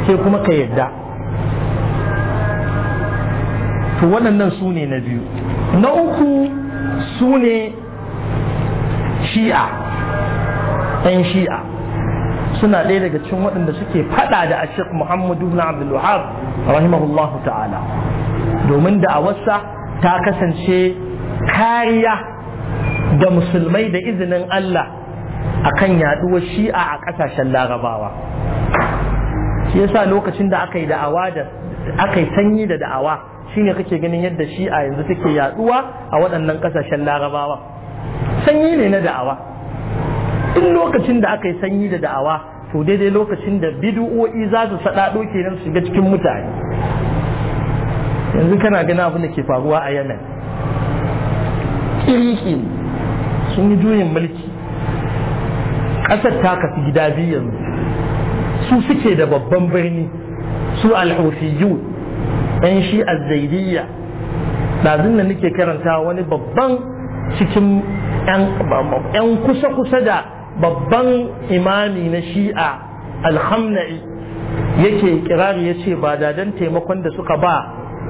sai kuma ka yadda to waɗannan su ne na biyu na uku su ne shi'a ɗan shi'a suna ɗaya daga cikin waɗanda suke faɗa da ashek muhammadu na abdul rahimahullahu ta'ala domin da a wasa ta kasance kariya da musulmai da izinin Allah a kan yaduwar shi'a a ƙasashen larabawa shi yasa lokacin da aka yi da'awa da aka yi sanyi da da'awa shine kake ganin yadda shi a yanzu take yaduwa a waɗannan ƙasashen larabawa sanyi ne na da'awa In lokacin da aka yi sanyi da da'awa to daidai lokacin da bidu'o'i za su saɗaɗo nan su ga cikin mutane yanzu kana ganin abin da ke faruwa a yemen kiriki sun yi juyin mulki ƙasar ta kafi gida biyu yanzu su suke da babban birni su al'ufiyu ɗan shi azzaidiyya ɗazin da nake karanta wani babban cikin ‘yan kusa-kusa da babban imami na shi'a alhamna'i yake kirari ya ce ba dadan taimakon da suka ba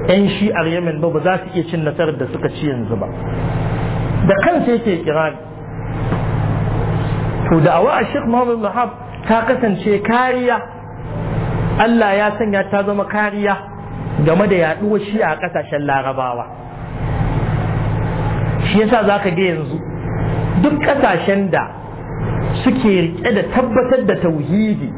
'yan shi'ar yemen ba ba za su iya cin nasarar da suka ci yanzu ba da kansa yake kirari to da awa a shek Muhammadu ta kasance kariya allah ya sanya ta zama kariya game da yaduwar shi a kasashen larabawa shi yasa za ka ga yanzu duk ƙasashen da suke rike da tabbatar da tauhidi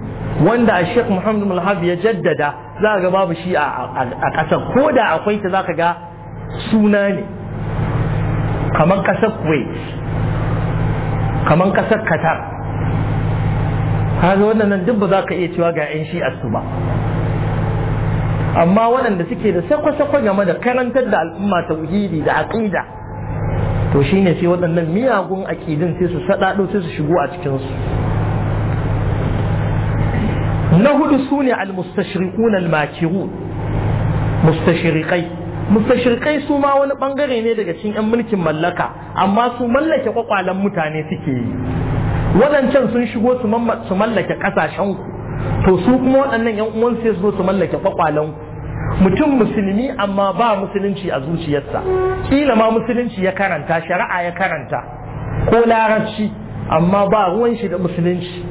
wanda a sheik Muhammadu mulhab ya jaddada za ga babu shi a ƙasar ko da akwai ta za ka ga suna ne kamar ƙasar kuwait kamar ƙasar qatar kaga wannan duk ba za ka iya cewa ga 'yan shi'a su ba amma waɗanda suke da sakwa-sakwa game da karantar da al'umma tauhidi da aqida to shine sai waɗannan miyagun aƙidin sai su saɗaɗo sai su shigo a cikinsu na hudu su ne al-mustashriqun al-makirun mustashriqai mustashriqai su ma wani bangare ne daga cikin yan mulkin mallaka amma su mallake kwakwalan mutane suke yi waɗancan sun shigo su mallake ƙasashen ku to su kuma waɗannan yan uwan sai su su mallake kwakwalen ku mutum musulmi amma ba musulunci a zuciyarsa kila ma musulunci ya karanta shari'a ya karanta ko larabci amma ba ruwan shi da musulunci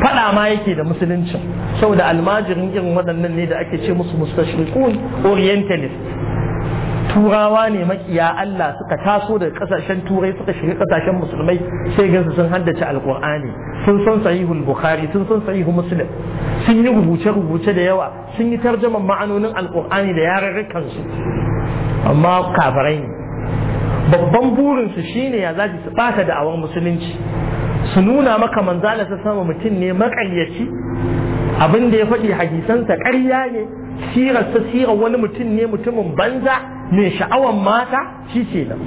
fada ma yake da musuluncin saboda almajirin irin waɗannan ne da ake ce musu mustashriqun orientalist turawa ne makiya Allah suka taso daga kasashen turai suka shiga kasashen musulmai sai gansu sun haddace alkur'ani sun san sahihul bukhari sun san sahihu muslim sun yi rubuce rubuce da yawa sun yi tarjaman ma'anonin alkur'ani da yararrukan su amma kafirai ne babban burin su shine ya zaji su bata da'awar musulunci su nuna maka manzala ta sama mutum ne makayyaci abin da ya faɗi hadisansa ƙarya ne sirarsa sirar wani mutum ne mutumin banza mai sha'awan mata shi ce nan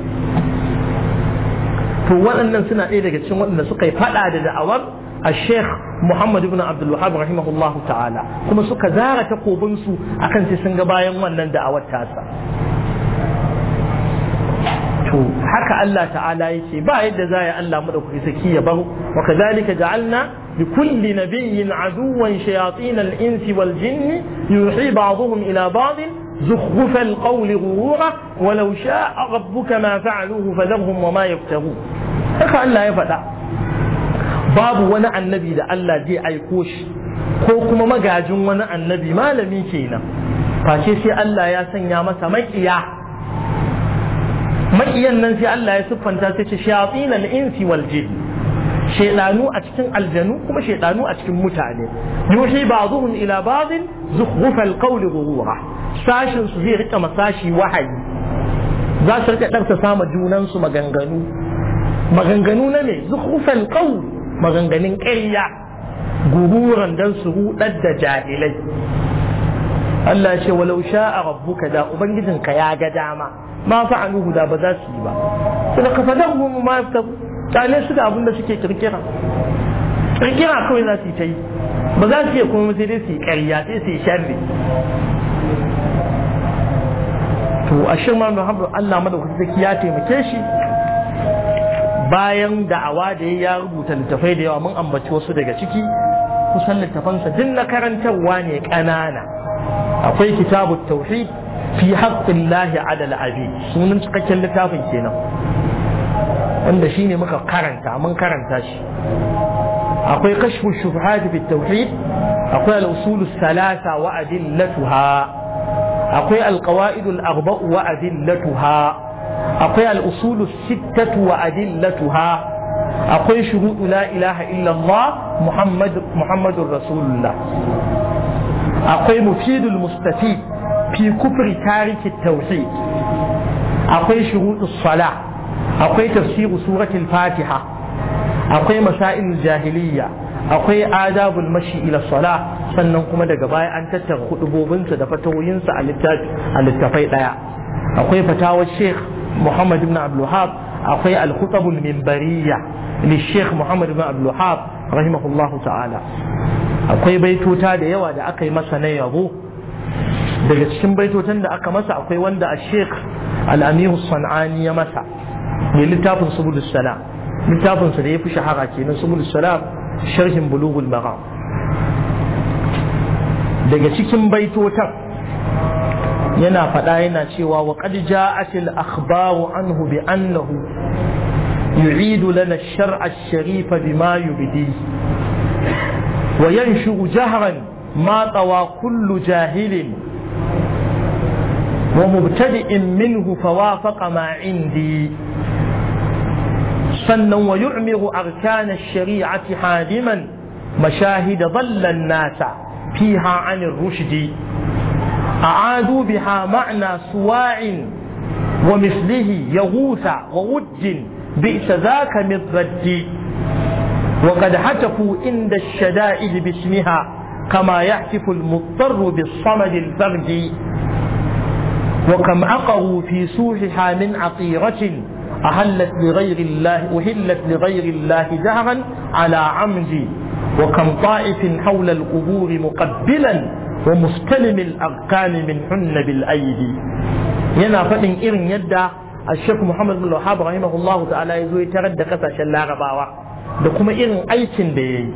to waɗannan suna ɗaya daga cikin waɗanda suka yi faɗa da da'awar a sheikh muhammad ibn abdul wahab rahimahullah ta'ala kuma suka zara takobinsu akan sai sun ga bayan wannan da'awar tasa to haka Allah ta'ala yake ba yadda za ya Allah madaukaki saki ya bar wa kazalika ja'alna لكل نبي عدوا insi wal والجن yuhi بعضهم ila بعض زخرف القول غرورا ولو شاء ربك ما فعلوه فذرهم وما يفترون إخا لا يفتح باب ونع النبي ده الله دي أي كوش كوكما ما جاجون ونع النبي ما لمين كينا فاشي سي الله يا سن يا مسا مكيا مكيا ننسي الله يا سبحان تاتيش شياطين الإنس والجن شيطانو أتكن الجنو كما شيطانو أتكن متعلم يوحي بعضهم إلى بعض زخرف القول غرورا sashin su zai rika masashi wahayi za su rika ɗarsa sama junan su maganganu maganganu na ne zukufan kau maganganun ƙarya guguran dan su rudar da jahilai Allah ce walau sha a sha'a ka da ubangijinka ya ga dama ma fa fa'aluhu da ba za su yi ba sai ka fadahu ma ta tale su da abin da suke kirkira kirkira kawai za su yi ta yi ba za su iya kuma sai dai su yi ƙarya sai su yi sharri to a shirma muhammadu allah madaukaki ya taimake shi bayan da'awa da ya rubuta littafai da yawa mun ambaci wasu daga ciki kusan littafansa duk na karantarwa ne ƙanana akwai kitabu tauhid fi haƙƙin lahi adal abi sunan cikakken littafin kenan wanda shine muka karanta mun karanta shi akwai kashfu shubuhat fi tauhid akwai al-usul salasa wa adillatuha akwai alƙawa'idul arba'u wa adillatuha akwai al sittatu wa adillatuha akwai shuruɗu la ilaha illallah muhammad rasulullah akwai mufidul mustafid fi kufri tarikin tauhid akwai shuruɗu sala akwai tafsiru suratul fatiha akwai masail jahiliyya akwai adabul mashi ila sala sannan kuma daga baya an tattara hudubobinsa da fatawoyinsa a littafai daya akwai fatawar sheikh muhammad ibn abdulhab akwai al-khutabul minbariya li sheikh muhammad ibn abdulhab rahimahullahu ta'ala akwai baitota da yawa da aka yi masa na yabo daga cikin baitotan da aka masa akwai wanda a sheikh al-amiru san'ani ya masa mai littafin subul salam littafinsa da ya fi shahara kenan subul salam sharhin bulughul maram daga cikin baitotan yana faɗa yana cewa wa qad ja'atil akhbaru anhu bi annahu yu'idu lana ash-shar'a ash-sharifa bima yubdi wa yanshu jahran ma tawa kullu jahilin ومبتدئ منه فوافق ما عندي sannan wa yu'miru arkan ash-shari'ati hadiman mashahid dhalla an-nasa fiha 'an ar-rushd a'adu biha ma'na suwa'in wa mislihi yaghutha wa wujjin bi'sa dhaka midraddi وقد هتفوا عند الشدائد باسمها كما يهتف المضطر بالصمد الفردي وكم أقروا في سوحها من عطيرة أهلت لغير الله أهلت لغير الله جهرا على عمد وكم طائف حول القبور مقبلا ومستلم الأركان من حن بالأيدي ينا فإن إرن يدى الشيخ محمد بن الوهاب رحمه الله تعالى يزوي ترد قصة اللارباوة da kuma irin aikin da ya yi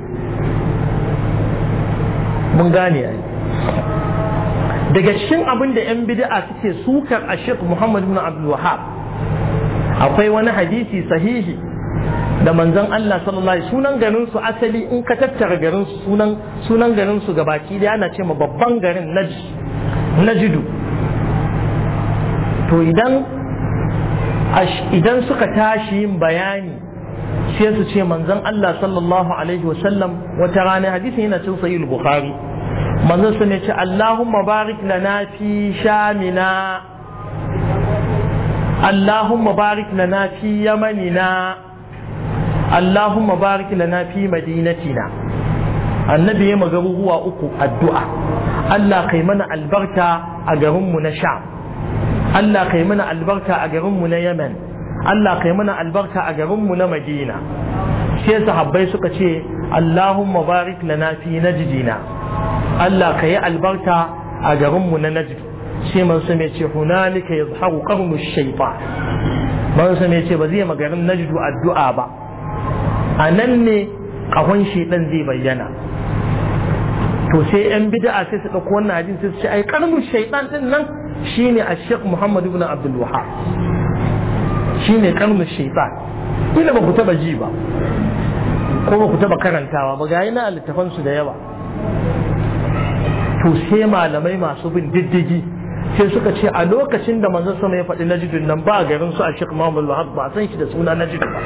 mun gane daga cikin abin da 'yan bid'a suke sukar a sheikh muhammad bin abdul wahab akwai wani hadisi sahihi da manzon Allah sallallahu alaihi sunan garin su asali in ka tattara garin su sunan sunan garin su gabaki da ana ce babban garin najdu to idan idan suka tashi yin bayani sai su ce manzon Allah sallallahu alaihi wasallam wata rana hadisin yana cin sahih bukhari manzon sun ce Allahumma barik lana fi shamina اللهم بارك لنا في يمننا اللهم بارك لنا في مدينتنا annabi ya magaruruwa uku addu'a Allah kai mana albarka a garinmu na sham Allah kai mana albarka a garinmu na yaman Allah kai mana albarka a garinmu na madina suka ce Allahumma barik lana fi Allah albarka a garinmu na sai man mai ce hunalika yazharu qarnu shaytan man mai ce ba zai magarin najdu addu'a ba a nan ne kahon dan zai bayyana to sai yan bid'a sai su dauko wannan hadin sai su ce ai qarnu shaytan din nan shine ash-shaykh Muhammad ibn Abdul Wahhab shine qarnu shaytan ina ba ku taba ji ba ko ba ku taba karantawa ba ga yana littafan su da yawa to sai malamai masu bin diddigi sai suka ce a lokacin da manzon sama ya faɗi najidun nan ba garin su a shek muhammad wahab ba san shi da suna najidu ba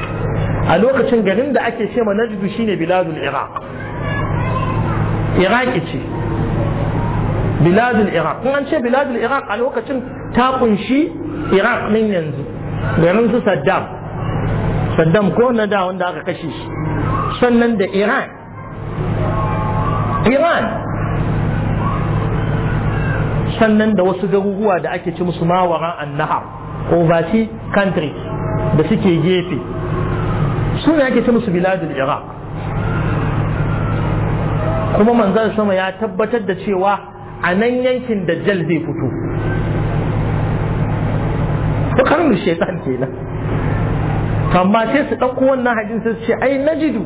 a lokacin garin da ake ce ma najidu shine biladul iraq iraki ce biladul iraq kun an ce biladul iraq a lokacin ta kunshi iraq min yanzu garin su saddam saddam ko na da wanda aka kashe shi sannan da iran iran sannan da wasu garuruwa da ake ci musu mawara nahar ko overseas country da suke gefe su ne ake ci musu biladul iraq kuma manzan sama ya tabbatar da cewa a nan yankin jal zai fito fukarin shaitan nan amma sai su ɗauko wannan hadin su ce ai najidu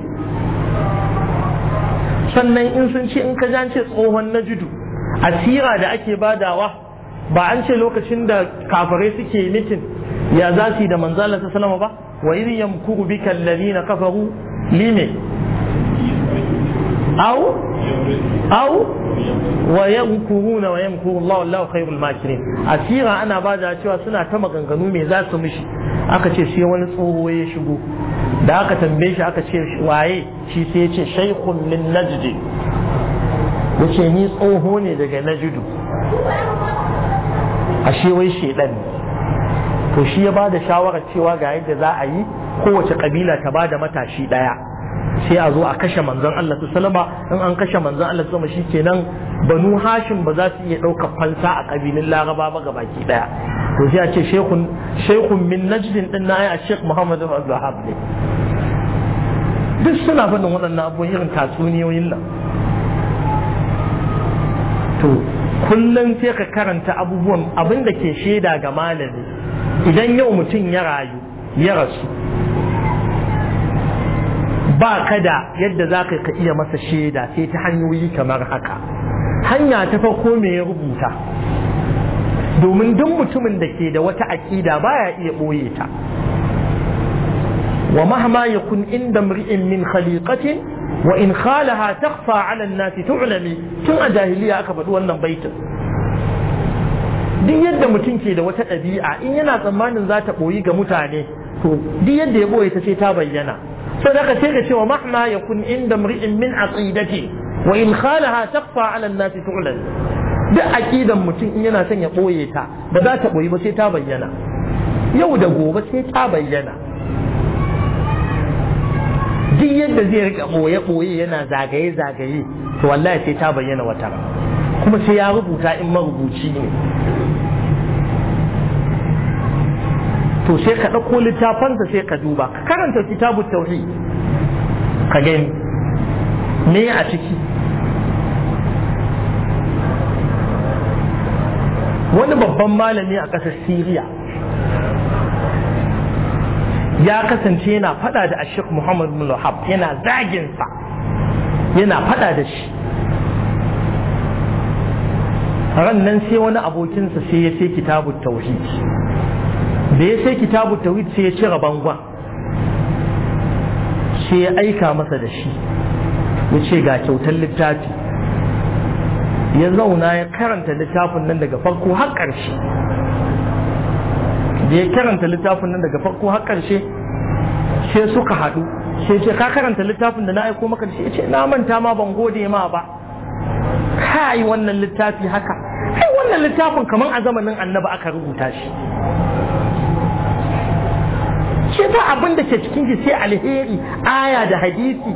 sannan in sun ce in ka jance tsohon najidu asira da ake badawa ba an ce lokacin da kafirai suke mitin ya za su yi da manzala ta salama ba wa idh yamkuru bika alladhina kafaru lime au au wa na wa yamkuru Allah wallahu khairul makirin asira ana bada cewa suna ta maganganu me za su mishi aka ce sai wani tsoho ya shigo da aka tambaye shi aka ce waye shi sai ya ce shaykhun min najdi ce ni tsoho ne daga judu a wai shedan to shi ya ba da shawarar cewa ga yadda za a yi kowace kabila ta bada matashi daya sai a zo a kashe manzon Allah su salama. in an kashe manzon Allah ke nan. banu hashim ba za su iya ɗaukar fansa a kabilin laraba ba ga baki daya to sai a ce shekun min najdin din na a shek muhammadu abdul ne duk suna faɗin waɗannan abubuwan irin tatsuniyoyin nan to kullum sai ka karanta abubuwan abin da ke shaida ga malami idan yau mutum ya rayu ya rasu ba ka da yadda za ka ka iya masa shaida sai ta hanyoyi kamar haka hanya ta farko me ya rubuta domin duk mutumin da ke da wata aƙida baya iya ɓoye ta wa mahma kun inda mri'in min khaliqatin wa in khalaha takhfa ala nasi tu'lami tun a jahiliya aka faɗi wannan baitin duk yadda mutum ke da wata ɗabi'a in yana tsammanin za ta ɓoyi ga mutane to duk yadda ya ɓoye ta sai ta bayyana sai ka ce da cewa mahma ya kun inda mri'in min aqidati wa in khalaha takhfa ala nasi tu'lan duk aqidan mutum in yana son ya ɓoye ta ba za ta ɓoyi ba sai ta bayyana yau da gobe sai ta bayyana duk yadda zai rika boye boye yana zagaye zagaye to wallahi sai ta bayyana wata kuma sai ya rubuta in marubuci ne to sai ka ɗauko littafansa sai ka duba ka karanta kitabu tauhid ka gani me a ciki wani babban malami a ƙasar siriya ya kasance yana fada da ashik muhammad bin wahab yana zaginsa yana fada da shi nan sai wani abokinsa sai ya sai kitabu tauhid da ya sai kitabu tauhid sai ya cire bangon sai ya aika masa da shi ya ce ga kyautar littafi ya zauna ya karanta littafin nan daga farko har ƙarshe da ya karanta littafin nan daga farko har ƙarshe sai suka haɗu sai ce ka karanta littafin da na aiko maka da shi ce na manta ma ban gode ma ba kai wannan littafi haka kai wannan littafin kamar a zamanin annabi aka rubuta shi ce ta abin da ke cikin shi sai alheri aya da hadisi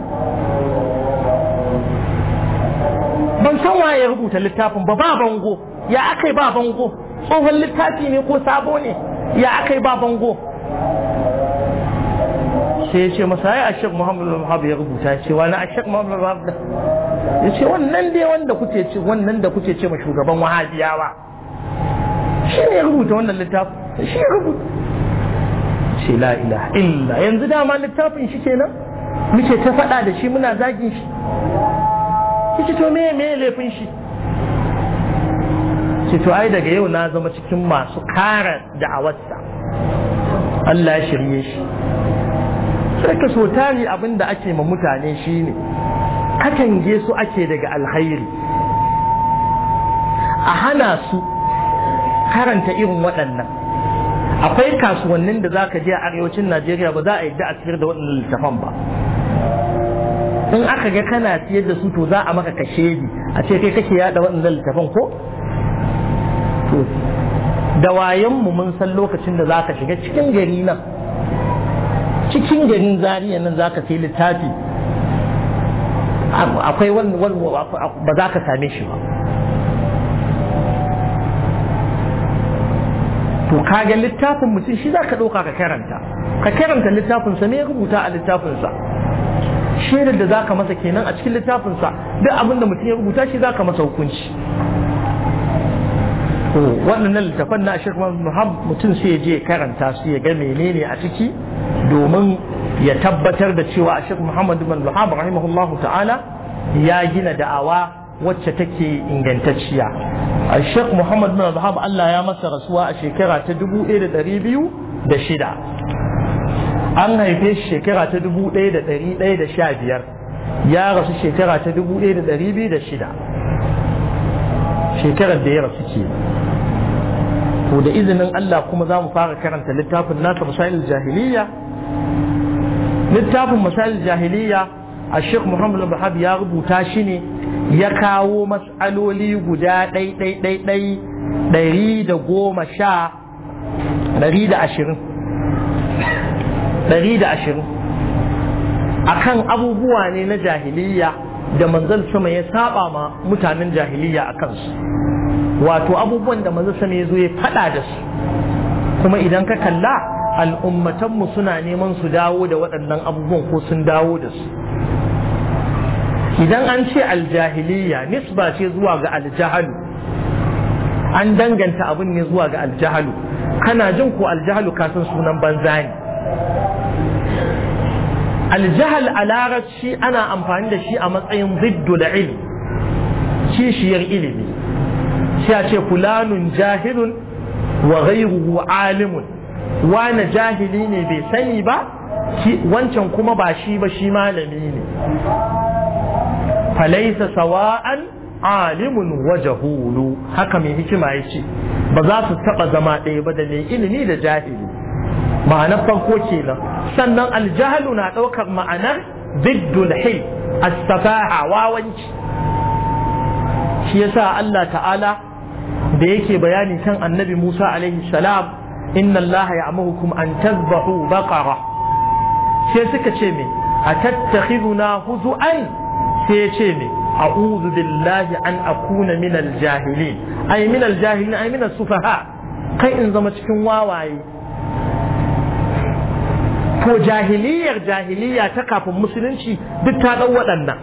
ban san waye ya rubuta littafin ba ba bango ya akai ba bango tsohon littafi ne ko sabo ne ya akai ba bango sai ya ce masa ya ashek muhammadu al ya rubuta ya ce wani ashek muhammadu al ya ce wannan dai wanda kuke ce wannan da kuke ce ma shugaban wahabiyawa shi ne ya rubuta wannan littafin shi ya rubuta ce la ilaha illa yanzu dama littafin shi kenan muke ta faɗa da shi muna zagin shi kici to me me laifin shi ce to ai daga yau na zama cikin masu kara da'awarsa Allah ya shirye shi sai ka so tari abin da ake ma mutane shine katange su ake daga alhairi a hana su karanta irin waɗannan akwai kasuwannin da za ka je a arewacin najeriya ba za a yadda a siyar da waɗannan littafan ba in aka ga kana siyar da su to za a maka kashe a ce kai kake yada waɗannan littafan ko to da wayanmu mun san lokacin da zaka shiga cikin gari nan cikin garin zariya nan zaka sai littafi akwai wani ba za ka same shi ba to kaga littafin mutum shi za ka ɗauka ka karanta ka karanta littafinsa ne ya rubuta a littafinsa shirin da za ka masa kenan a cikin littafinsa duk abin da mutum ya rubuta shi za ka masa hukunci to waɗannan littafan na shirk mutum sai ya je karanta su ya ga menene a ciki domin ya tabbatar da cewa shirk muhammad bin luhab rahimahullahu ta'ala ya gina da'awa wacce take ingantacciya a Sheikh muhammad bin luhab allah ya masa rasuwa a shekara ta dubu da ɗari biyu da shida an haife shi shekara ta dubu ɗaya da ɗari ɗaya da sha biyar ya rasu shekara ta dubu ɗaya da ɗari biyu da shida shekarar da ya rasu ke to da izinin Allah kuma za mu fara karanta littafin nasa masail jahiliya littafin masail jahiliya a sheikh muhammad bahab ya rubuta shi ne ya kawo matsaloli guda ɗai ɗai ɗai ɗai ɗari da goma sha ɗari da ashirin ɗari da ashirin akan abubuwa ne na jahiliya da manzon sama ya saba ma mutanen jahiliya a kansu wato abubuwan da manzon sama ya zo ya faɗa da su kuma idan ka kalla mu suna neman su dawo da waɗannan abubuwan ko sun dawo da su idan an ce aljahiliya nisba ce zuwa ga aljahalu an danganta abin ne zuwa ga aljahalu kana jin ko aljahalu ka san sunan banza ne aljahal a shi ana amfani da shi a matsayin ziddul ilimi, kishiyar ilimi shi a ce fulanun jahilun wa ghairuhu alimun Wani jahili ne bai sani ba wancan kuma ba shi ba shi malami ne falaisa sawa'an alimun wa jahulu haka mai hikima ya ce ba za su taba zama ɗaya ba da mai ilimi da jahili ma'anar farko kenan sannan aljahalu na ɗaukar ma'anar biddul hil astafaha wawanci shi yasa Allah ta'ala da yake bayani kan annabi Musa alaihi salam inna Allah ya'murukum an tadhbahu baqara sai suka ce me atattakhiduna huzu'an sai ya ce me uzu billahi an akuna minal jahilin ay jahilin aljahilin ay min sufaha kai in zama cikin wawaye Ko jahiliyar jahiliya ta kafin musulunci duk ta ɗau waɗannan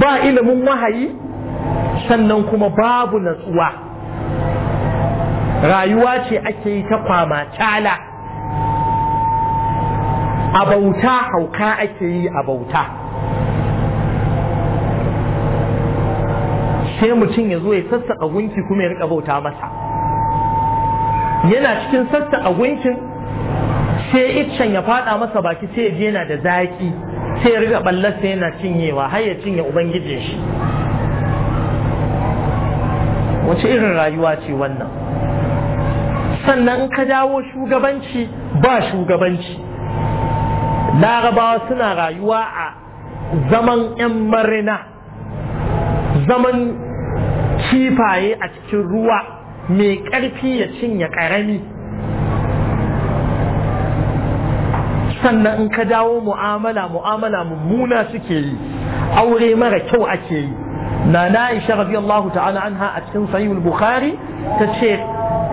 ba ilimin wahayi sannan kuma babu natsuwa rayuwa ce ake yi ta kwama tala a bauta hauka ake yi a bauta sai mutum ya zo ya sassa gunki kuma ya rika bauta masa yana cikin sassa gunkin sai iccen ya fada masa baki sai ya jena da zaki sai ya riga ballarsa yana cinyewa har ya cinye ubangijin shi wace irin rayuwa ce wannan sannan in ka dawo shugabanci ba shugabanci larabawa suna rayuwa a zaman 'yan marina zaman kifaye a cikin ruwa mai ƙarfi ya cinye ƙarami sannan in ka dawo mu'amala mu'amala mummuna suke yi aure mara kyau ake yi na na isha radiyallahu ta'ala anha a cikin sahihul bukhari ta ce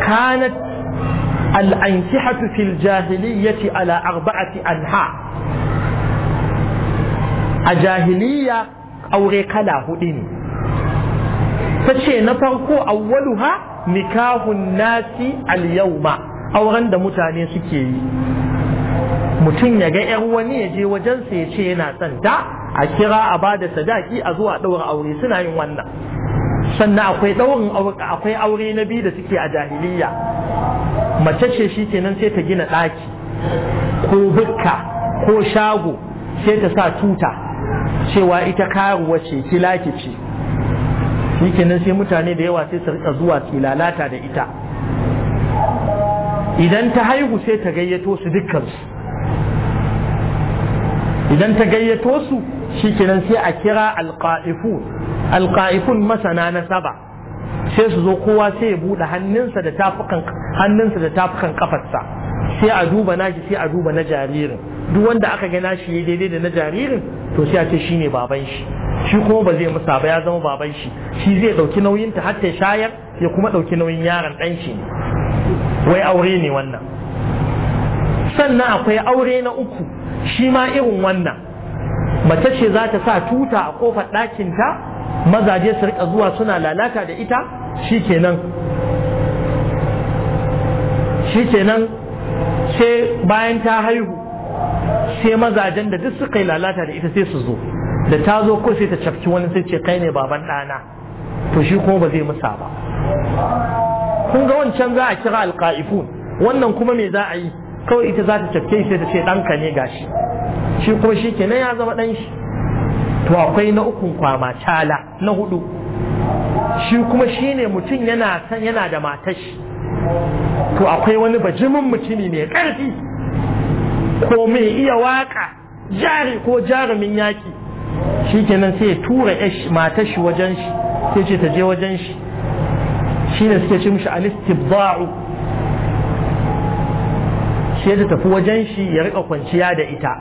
kanat al'ankihatu fil jahiliyyati ala arba'ati anha a jahiliya aure kala hudu ne ta ce na farko awwaluha nikahun nasi al-yawma auren da mutane suke yi mutum ya ga ‘yan wani ya je wajensa ya ce yana son ta a kira a ba da sadaki a zuwa ɗaura aure suna yin wannan sannan akwai ɗaurin akwai aure na biyu da suke a jahiliya mace ce shi kenan sai ta gina ɗaki ko bukka ko shago sai ta sa tuta cewa ita karuwa ce kilaki ce shi kenan sai mutane da yawa sai su rika zuwa su da ita idan ta haihu sai ta gayyato su dukkansu idan ta gayyato su kenan sai a kira alqa'ifun alqa'ifun masana na saba sai su zo kowa sai ya bude hannunsa da tafukan hannunsa da tafukan kafarsa sai a duba naji sai a duba na jaririn duk wanda aka ga shi ya daidai da na jaririn to sai a ce shine baban shi shi kuma ba zai musa ba ya zama baban shi shi zai dauki nauyin ta har ta shayar ya kuma dauki nauyin yaron dan shi wai aure ne wannan sannan akwai aure na uku shi ma irin wannan mace ce za ta sa tuta a kofar ɗakinta mazaje su rika zuwa suna lalata da ita shikenan shikenan sai bayan ta haihu sai mazajen da duk suka yi lalata da ita sai su zo da ta zo ko sai ta cafci wani sai ce kai ne baban ɗana to shi kuma ba zai musa ba kun ga wancan za a kira alƙa'ifun wannan kuma me za a yi kawai ita za ta tafke sai ta ce ɗanka ne gashi shi kuma shi kenan ya zama ɗan shi to akwai na ukun kwama cala na hudu shi kuma shi ne mutum yana san yana da matashi to akwai wani bajimin mutumi mai ƙarfi ko mai iya waka jari ko jarumin yaki. shi kenan sai ya tura matashi wajen shi sai ce ta je wajen shi shi ne suke ce mishi alistibda'u sai ta tafi wajen shi ya rika kwanciya da ita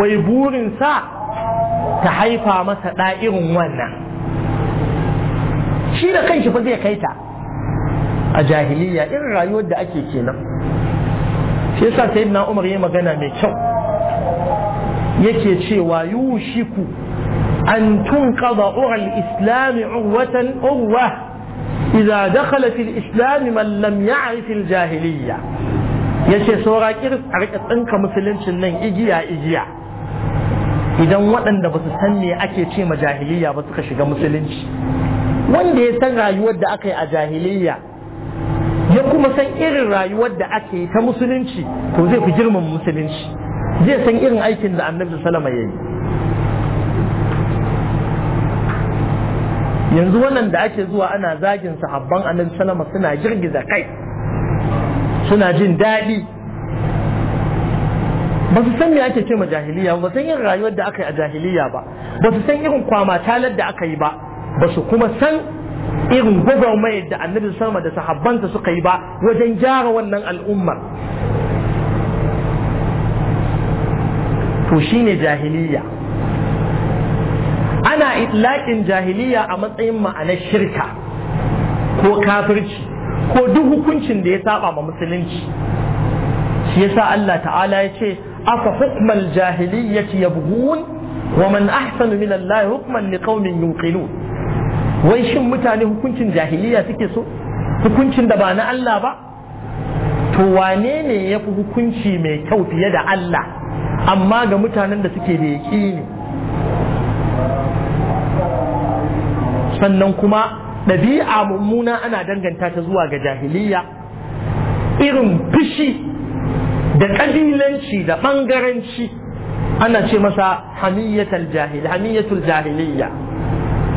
wai burinsa ta haifa masa ɗa irin wannan shi da kanshi fa zai kai ta a jahiliya irin rayuwar da ake kenan sai sa sai na Umar ya magana mai kyau yake cewa yushiku an tun أن تنقض عرى الإسلام عروة عروة إذا fil في man lam ya'rif al jahiliya ya ce saura kiris a rika tsinka musuluncin nan igiya igiya idan waɗanda ba su san me ake ce ma jahiliya ba suka shiga musulunci wanda ya san rayuwar da aka yi a jahiliya ya kuma san irin rayuwar da ake yi ta musulunci to zai fi girmama musulunci zai san irin aikin da annabi salama ya yi yanzu wannan da ake zuwa ana zagin sahabban annabi salama suna girgiza kai suna jin daɗi ba su san me ake ce ma jahiliya ba san yin rayuwar da aka yi a jahiliya ba ba su san irin kwama talar da aka yi ba ba su kuma san irin gwagwarmayar da annabi sama da sahabbansa suka yi ba wajen gyara wannan al'ummar to shine jahiliya ana itlaƙin jahiliya a matsayin ma'anar shirka ko kafirci ko duk hukuncin da ya saba ma musulunci shi yasa Allah ta'ala ya ce afa hukmal jahiliyyati yabghun wa man ahsanu min Allah hukman liqaumin yuqinun wai shin mutane hukuncin jahiliya suke so hukuncin da ba na Allah ba to wane ne ya hukunci mai kyau fiye da Allah amma ga mutanen da suke da ne? sannan kuma ɗabi'a mummuna ana danganta ta zuwa ga jahiliya irin fishi da ƙabilanci da ɓangaranci ana ce masa hamiyatul jahil hamiyatul jahiliya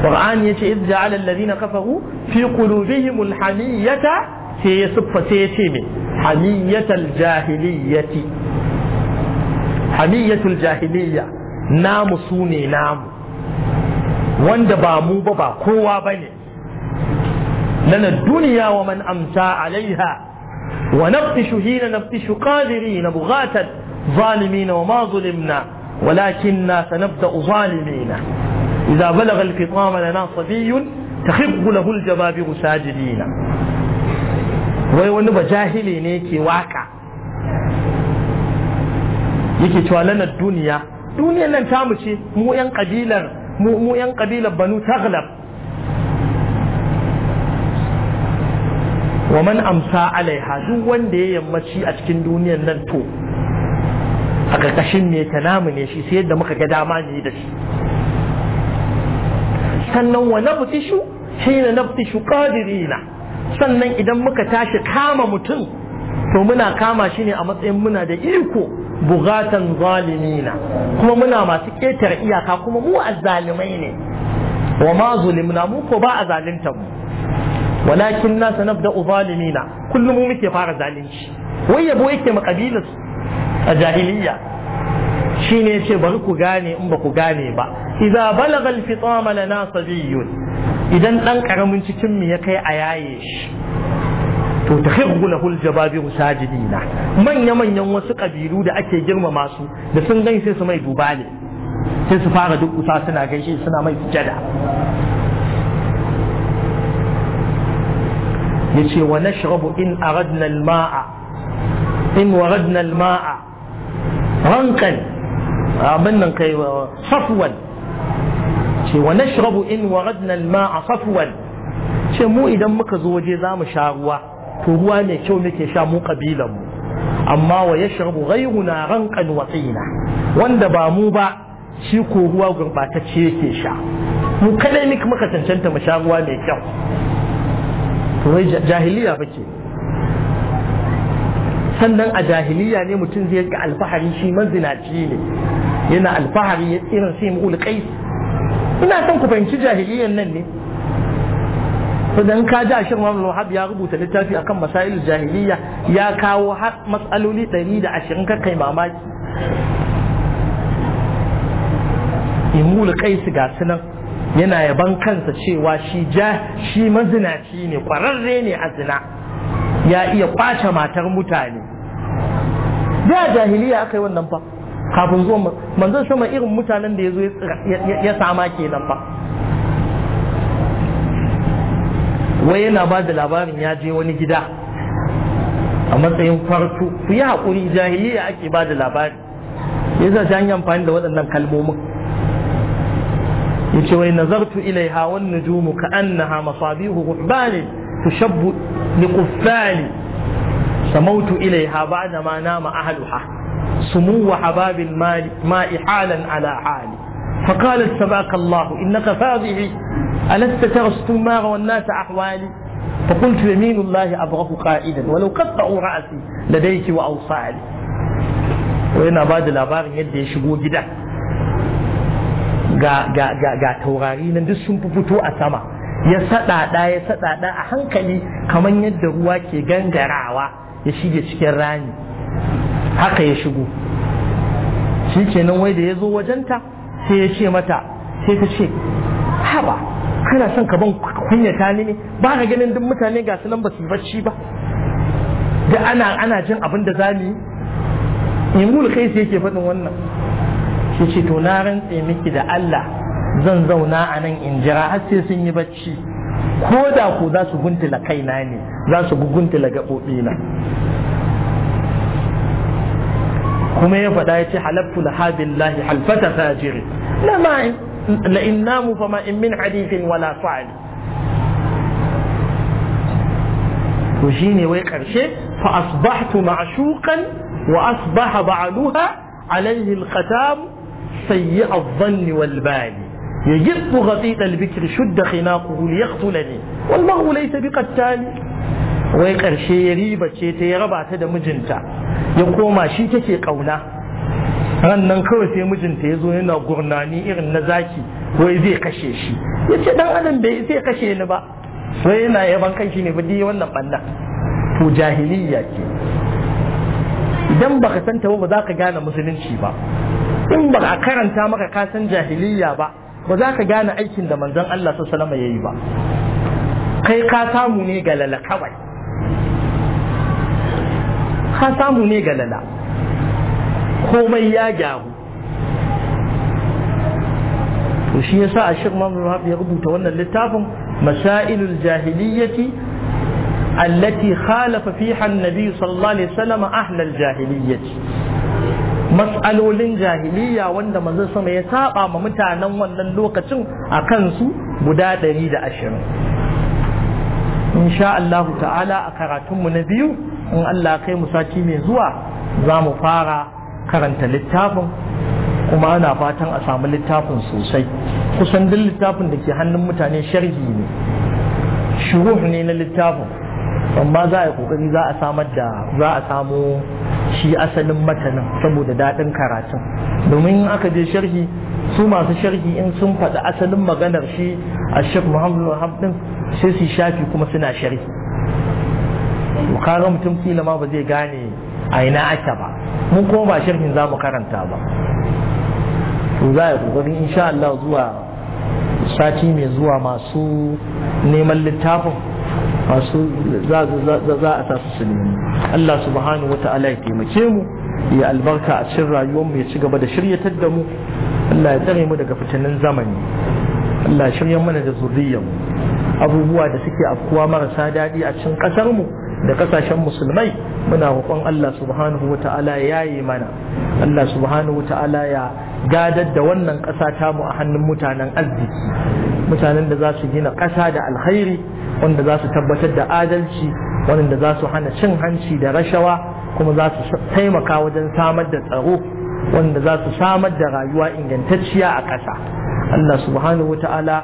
qur'ani yace iz ja'ala alladhina kafaru fi qulubihim alhamiyata sai ya siffa sai ya ce me hamiyatul jahiliyati hamiyatul jahiliya namu sune namu wanda ba mu ba ba kowa bane لنا الدنيا ومن أمسى عليها ونبطش حين نبطش قادرين بغاة ظالمين وما ظلمنا ولكننا سنبدأ ظالمين إذا بلغ الفطام لنا صبي تخب له الجبابر ساجدين ويونب جاهلي نيكي واكا yake cewa lanar duniya duniyan nan tamu ce mu yan kabilar mu yan kabilar banu taglab wa man amsa alaiha duk wanda ya yammaci a cikin duniyan nan to a ƙarƙashin ne ta namu ne shi sai yadda muka ga dama ne da shi sannan wa nabtishu hina nabtishu na sannan idan muka tashi kama mutum to muna kama shi ne a matsayin muna da iko bugatan zalimina kuma muna masu ƙetare iyaka kuma mu zalimai ne wa ma zulimna mu ko ba a zalinta mu walakin na sanabda'u zalimina kullum mu muke fara zalunci wai yabo yake makabilar a jahiliya shine yace bari ku gane in ba ku gane ba idza balagha al-fitama lana sabiyyun idan ɗan karamin cikin mu ya kai a yaye shi to ta hirgu na huljababi musajidina manya-manyan wasu ƙabilu da ake girmama su da sun gan su mai duba sai su fara duk kusa suna gaishe suna mai sujada yace wa nashrabu in aradna al-ma'a in waradna al-ma'a rankan abin nan kai safwan ce wa nashrabu in waradna al-ma'a safwan ce mu idan muka zo waje zamu sha ruwa to ruwa ne kyau muke sha mu kabilan mu amma wa yashrabu ghayruna rankan wa tsina wanda ba mu ba shi ko ruwa gurbatacce yake sha mu kadai muka cancanta mu sha ruwa mai kyau to wai jahiliya ba ke sannan a jahiliya ne mutum zai ga alfahari shi mazinaci ne yana alfahari irin sai mu ulƙai ina son ku fahimci jahiliyan nan ne dan ka ji ashir mu Wahab ya rubuta littafi akan masayin jahiliya ya kawo har matsaloli da ashirin kakai mamaki imul su ga sunan yana yaban kansa cewa shi ja shi mazinaci ne kwararre ne a zina ya iya kwace matar mutane da jahiliya aka yi wannan fa kafin zuwa manzon sama irin mutanen da ya zo ya sama kenan fa wai yana ba da labarin ya je wani gida a matsayin farko ku yi haƙuri jahiliya ake ba da labari ya sa ta hanyar amfani da waɗannan kalmomin yace wai نظرت اليها والنجوم كانها مصابيح masabihu تشب tushabbu سموت اليها ilaiha ba'da ma nama سمو وحباب الماء ماء حالا على حال فقالت سباك الله إنك فاضحي ألست ترى السمار والناس أحوالي فقلت يمين الله أبغض قائدا ولو قطعوا رأسي لديك وأوصالي وين أباد الأبار يدي شبو جدا ga taurari nan duk sun fito a sama ya saɗaɗa ya saɗaɗa a hankali kamar yadda ruwa ke gangarawa ya shige cikin rami haka ya shigo shi kenan wai da ya zo wajenta sai ya ce mata sai ta ce haba kana son ka ban kunyata ni ne ba ka ganin duk mutane ga su nan ba su yi bacci ba da ana jin abin da za mu yi imul kai sai yake faɗin wannan shi ce to na rantse miki da Allah zan zauna a nan in jira har sai sun yi bacci ko da ku za su guntula kaina ne za su guntula gaɓoɓina kuma ya faɗa ya ce halaftu la habillahi halfata fajiri la in namu fa ma in min hadithin wala fa'ali to shine wai karshe fa asbahtu ma'shuqan wa asbaha ba'luha alayhi al-khatam sayyi adh-dhanni wal bali يجف غطيط البكر شد خناقه ليقتلني والله ليس بقتال wai ƙarshe ya riba ce ta ya raba ta da mijinta ya koma shi take ƙauna ran kawai sai mijinta ya zo yana gurnani irin na zaki wai zai kashe shi ya ce dan adam bai zai kashe ni ba Sai yana yaban kanshi ne ba dai wannan ɓanna to jahiliya ce idan baka santa ba ba za ka gane musulunci ba in ba a karanta maka ka san jahiliya ba ba za ka gane aikin da manzon Allah sallallahu alaihi yayi ba kai ka samu ne galala kawai ka samu ne galala komai ya gyaru to shi yasa a shirma ya rubuta wannan littafin masailul jahiliyyati التي خالف فيها النبي صلى الله عليه وسلم أهل الجاهلية matsalolin jahiliya wanda manzo sama ya saba ma mutanen wannan lokacin a kansu guda ɗari da ashirin insha Allah ta'ala a karatunmu na biyu in Allah kai mu sati mai zuwa za mu fara karanta littafin kuma ana fatan a samu littafin sosai kusan duk littafin da ke hannun mutane sharhi ne shuruh ne na littafin amma za a yi kokari za a za a samu shi asalin matanin saboda daɗin karatun domin in aka je sharhi su masu sharhi in sun faɗi asalin maganar shi a shef muhammadu hamdin sai su shafi kuma suna sharhi kaga mutum kila ma ba zai gane a ina ake ba mun kuma ba sharhin za mu karanta ba to za a yi kokarin insha Allah zuwa sati mai zuwa masu neman littafin masu za a tasu su nemi Allah subhanahu wata'ala ya taimake mu ya albarka a cikin rayuwar mu ya ci gaba da shiryatar da mu Allah ya tsare mu daga fitinin zamani Allah shirya mana da zuriyar mu abubuwa da suke afkuwa marasa daɗi a cikin ƙasar mu da kasashen musulmai muna roƙon Allah subhanahu wata'ala ya yi mana Allah subhanahu wata'ala ya gadar da wannan ƙasa tamu a hannun mutanen arziki mutanen da za su gina ƙasa da alkhairi wanda za su tabbatar da adalci wanda za su hana cin hanci da rashawa kuma za su taimaka wajen samar da tsaro wanda za su samar da rayuwa ingantacciya a ƙasa Allah subhanahu wata'ala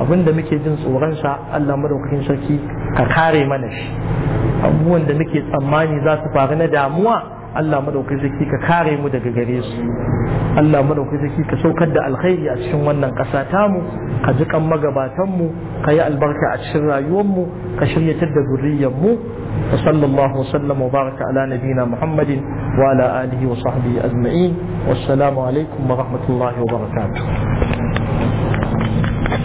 abinda muke jin tsoronsa Allah madaukakin sarki ka kare mana shi abubuwan da muke tsammani za su faru na damuwa Allah madaukakin zaki ka kare mu daga gare su Allah madaukakin zaki ka saukar da alkhairi a cikin wannan ƙasa tamu ka ji kan magabatan mu ka yi albarka a cikin rayuwar mu ka shiryatar da zuriyar mu wa sallallahu wa sallam wa baraka ala nabina muhammadin wa ala alihi wa sahbihi ajma'in wassalamu alaikum wa rahmatullahi wa barakatuh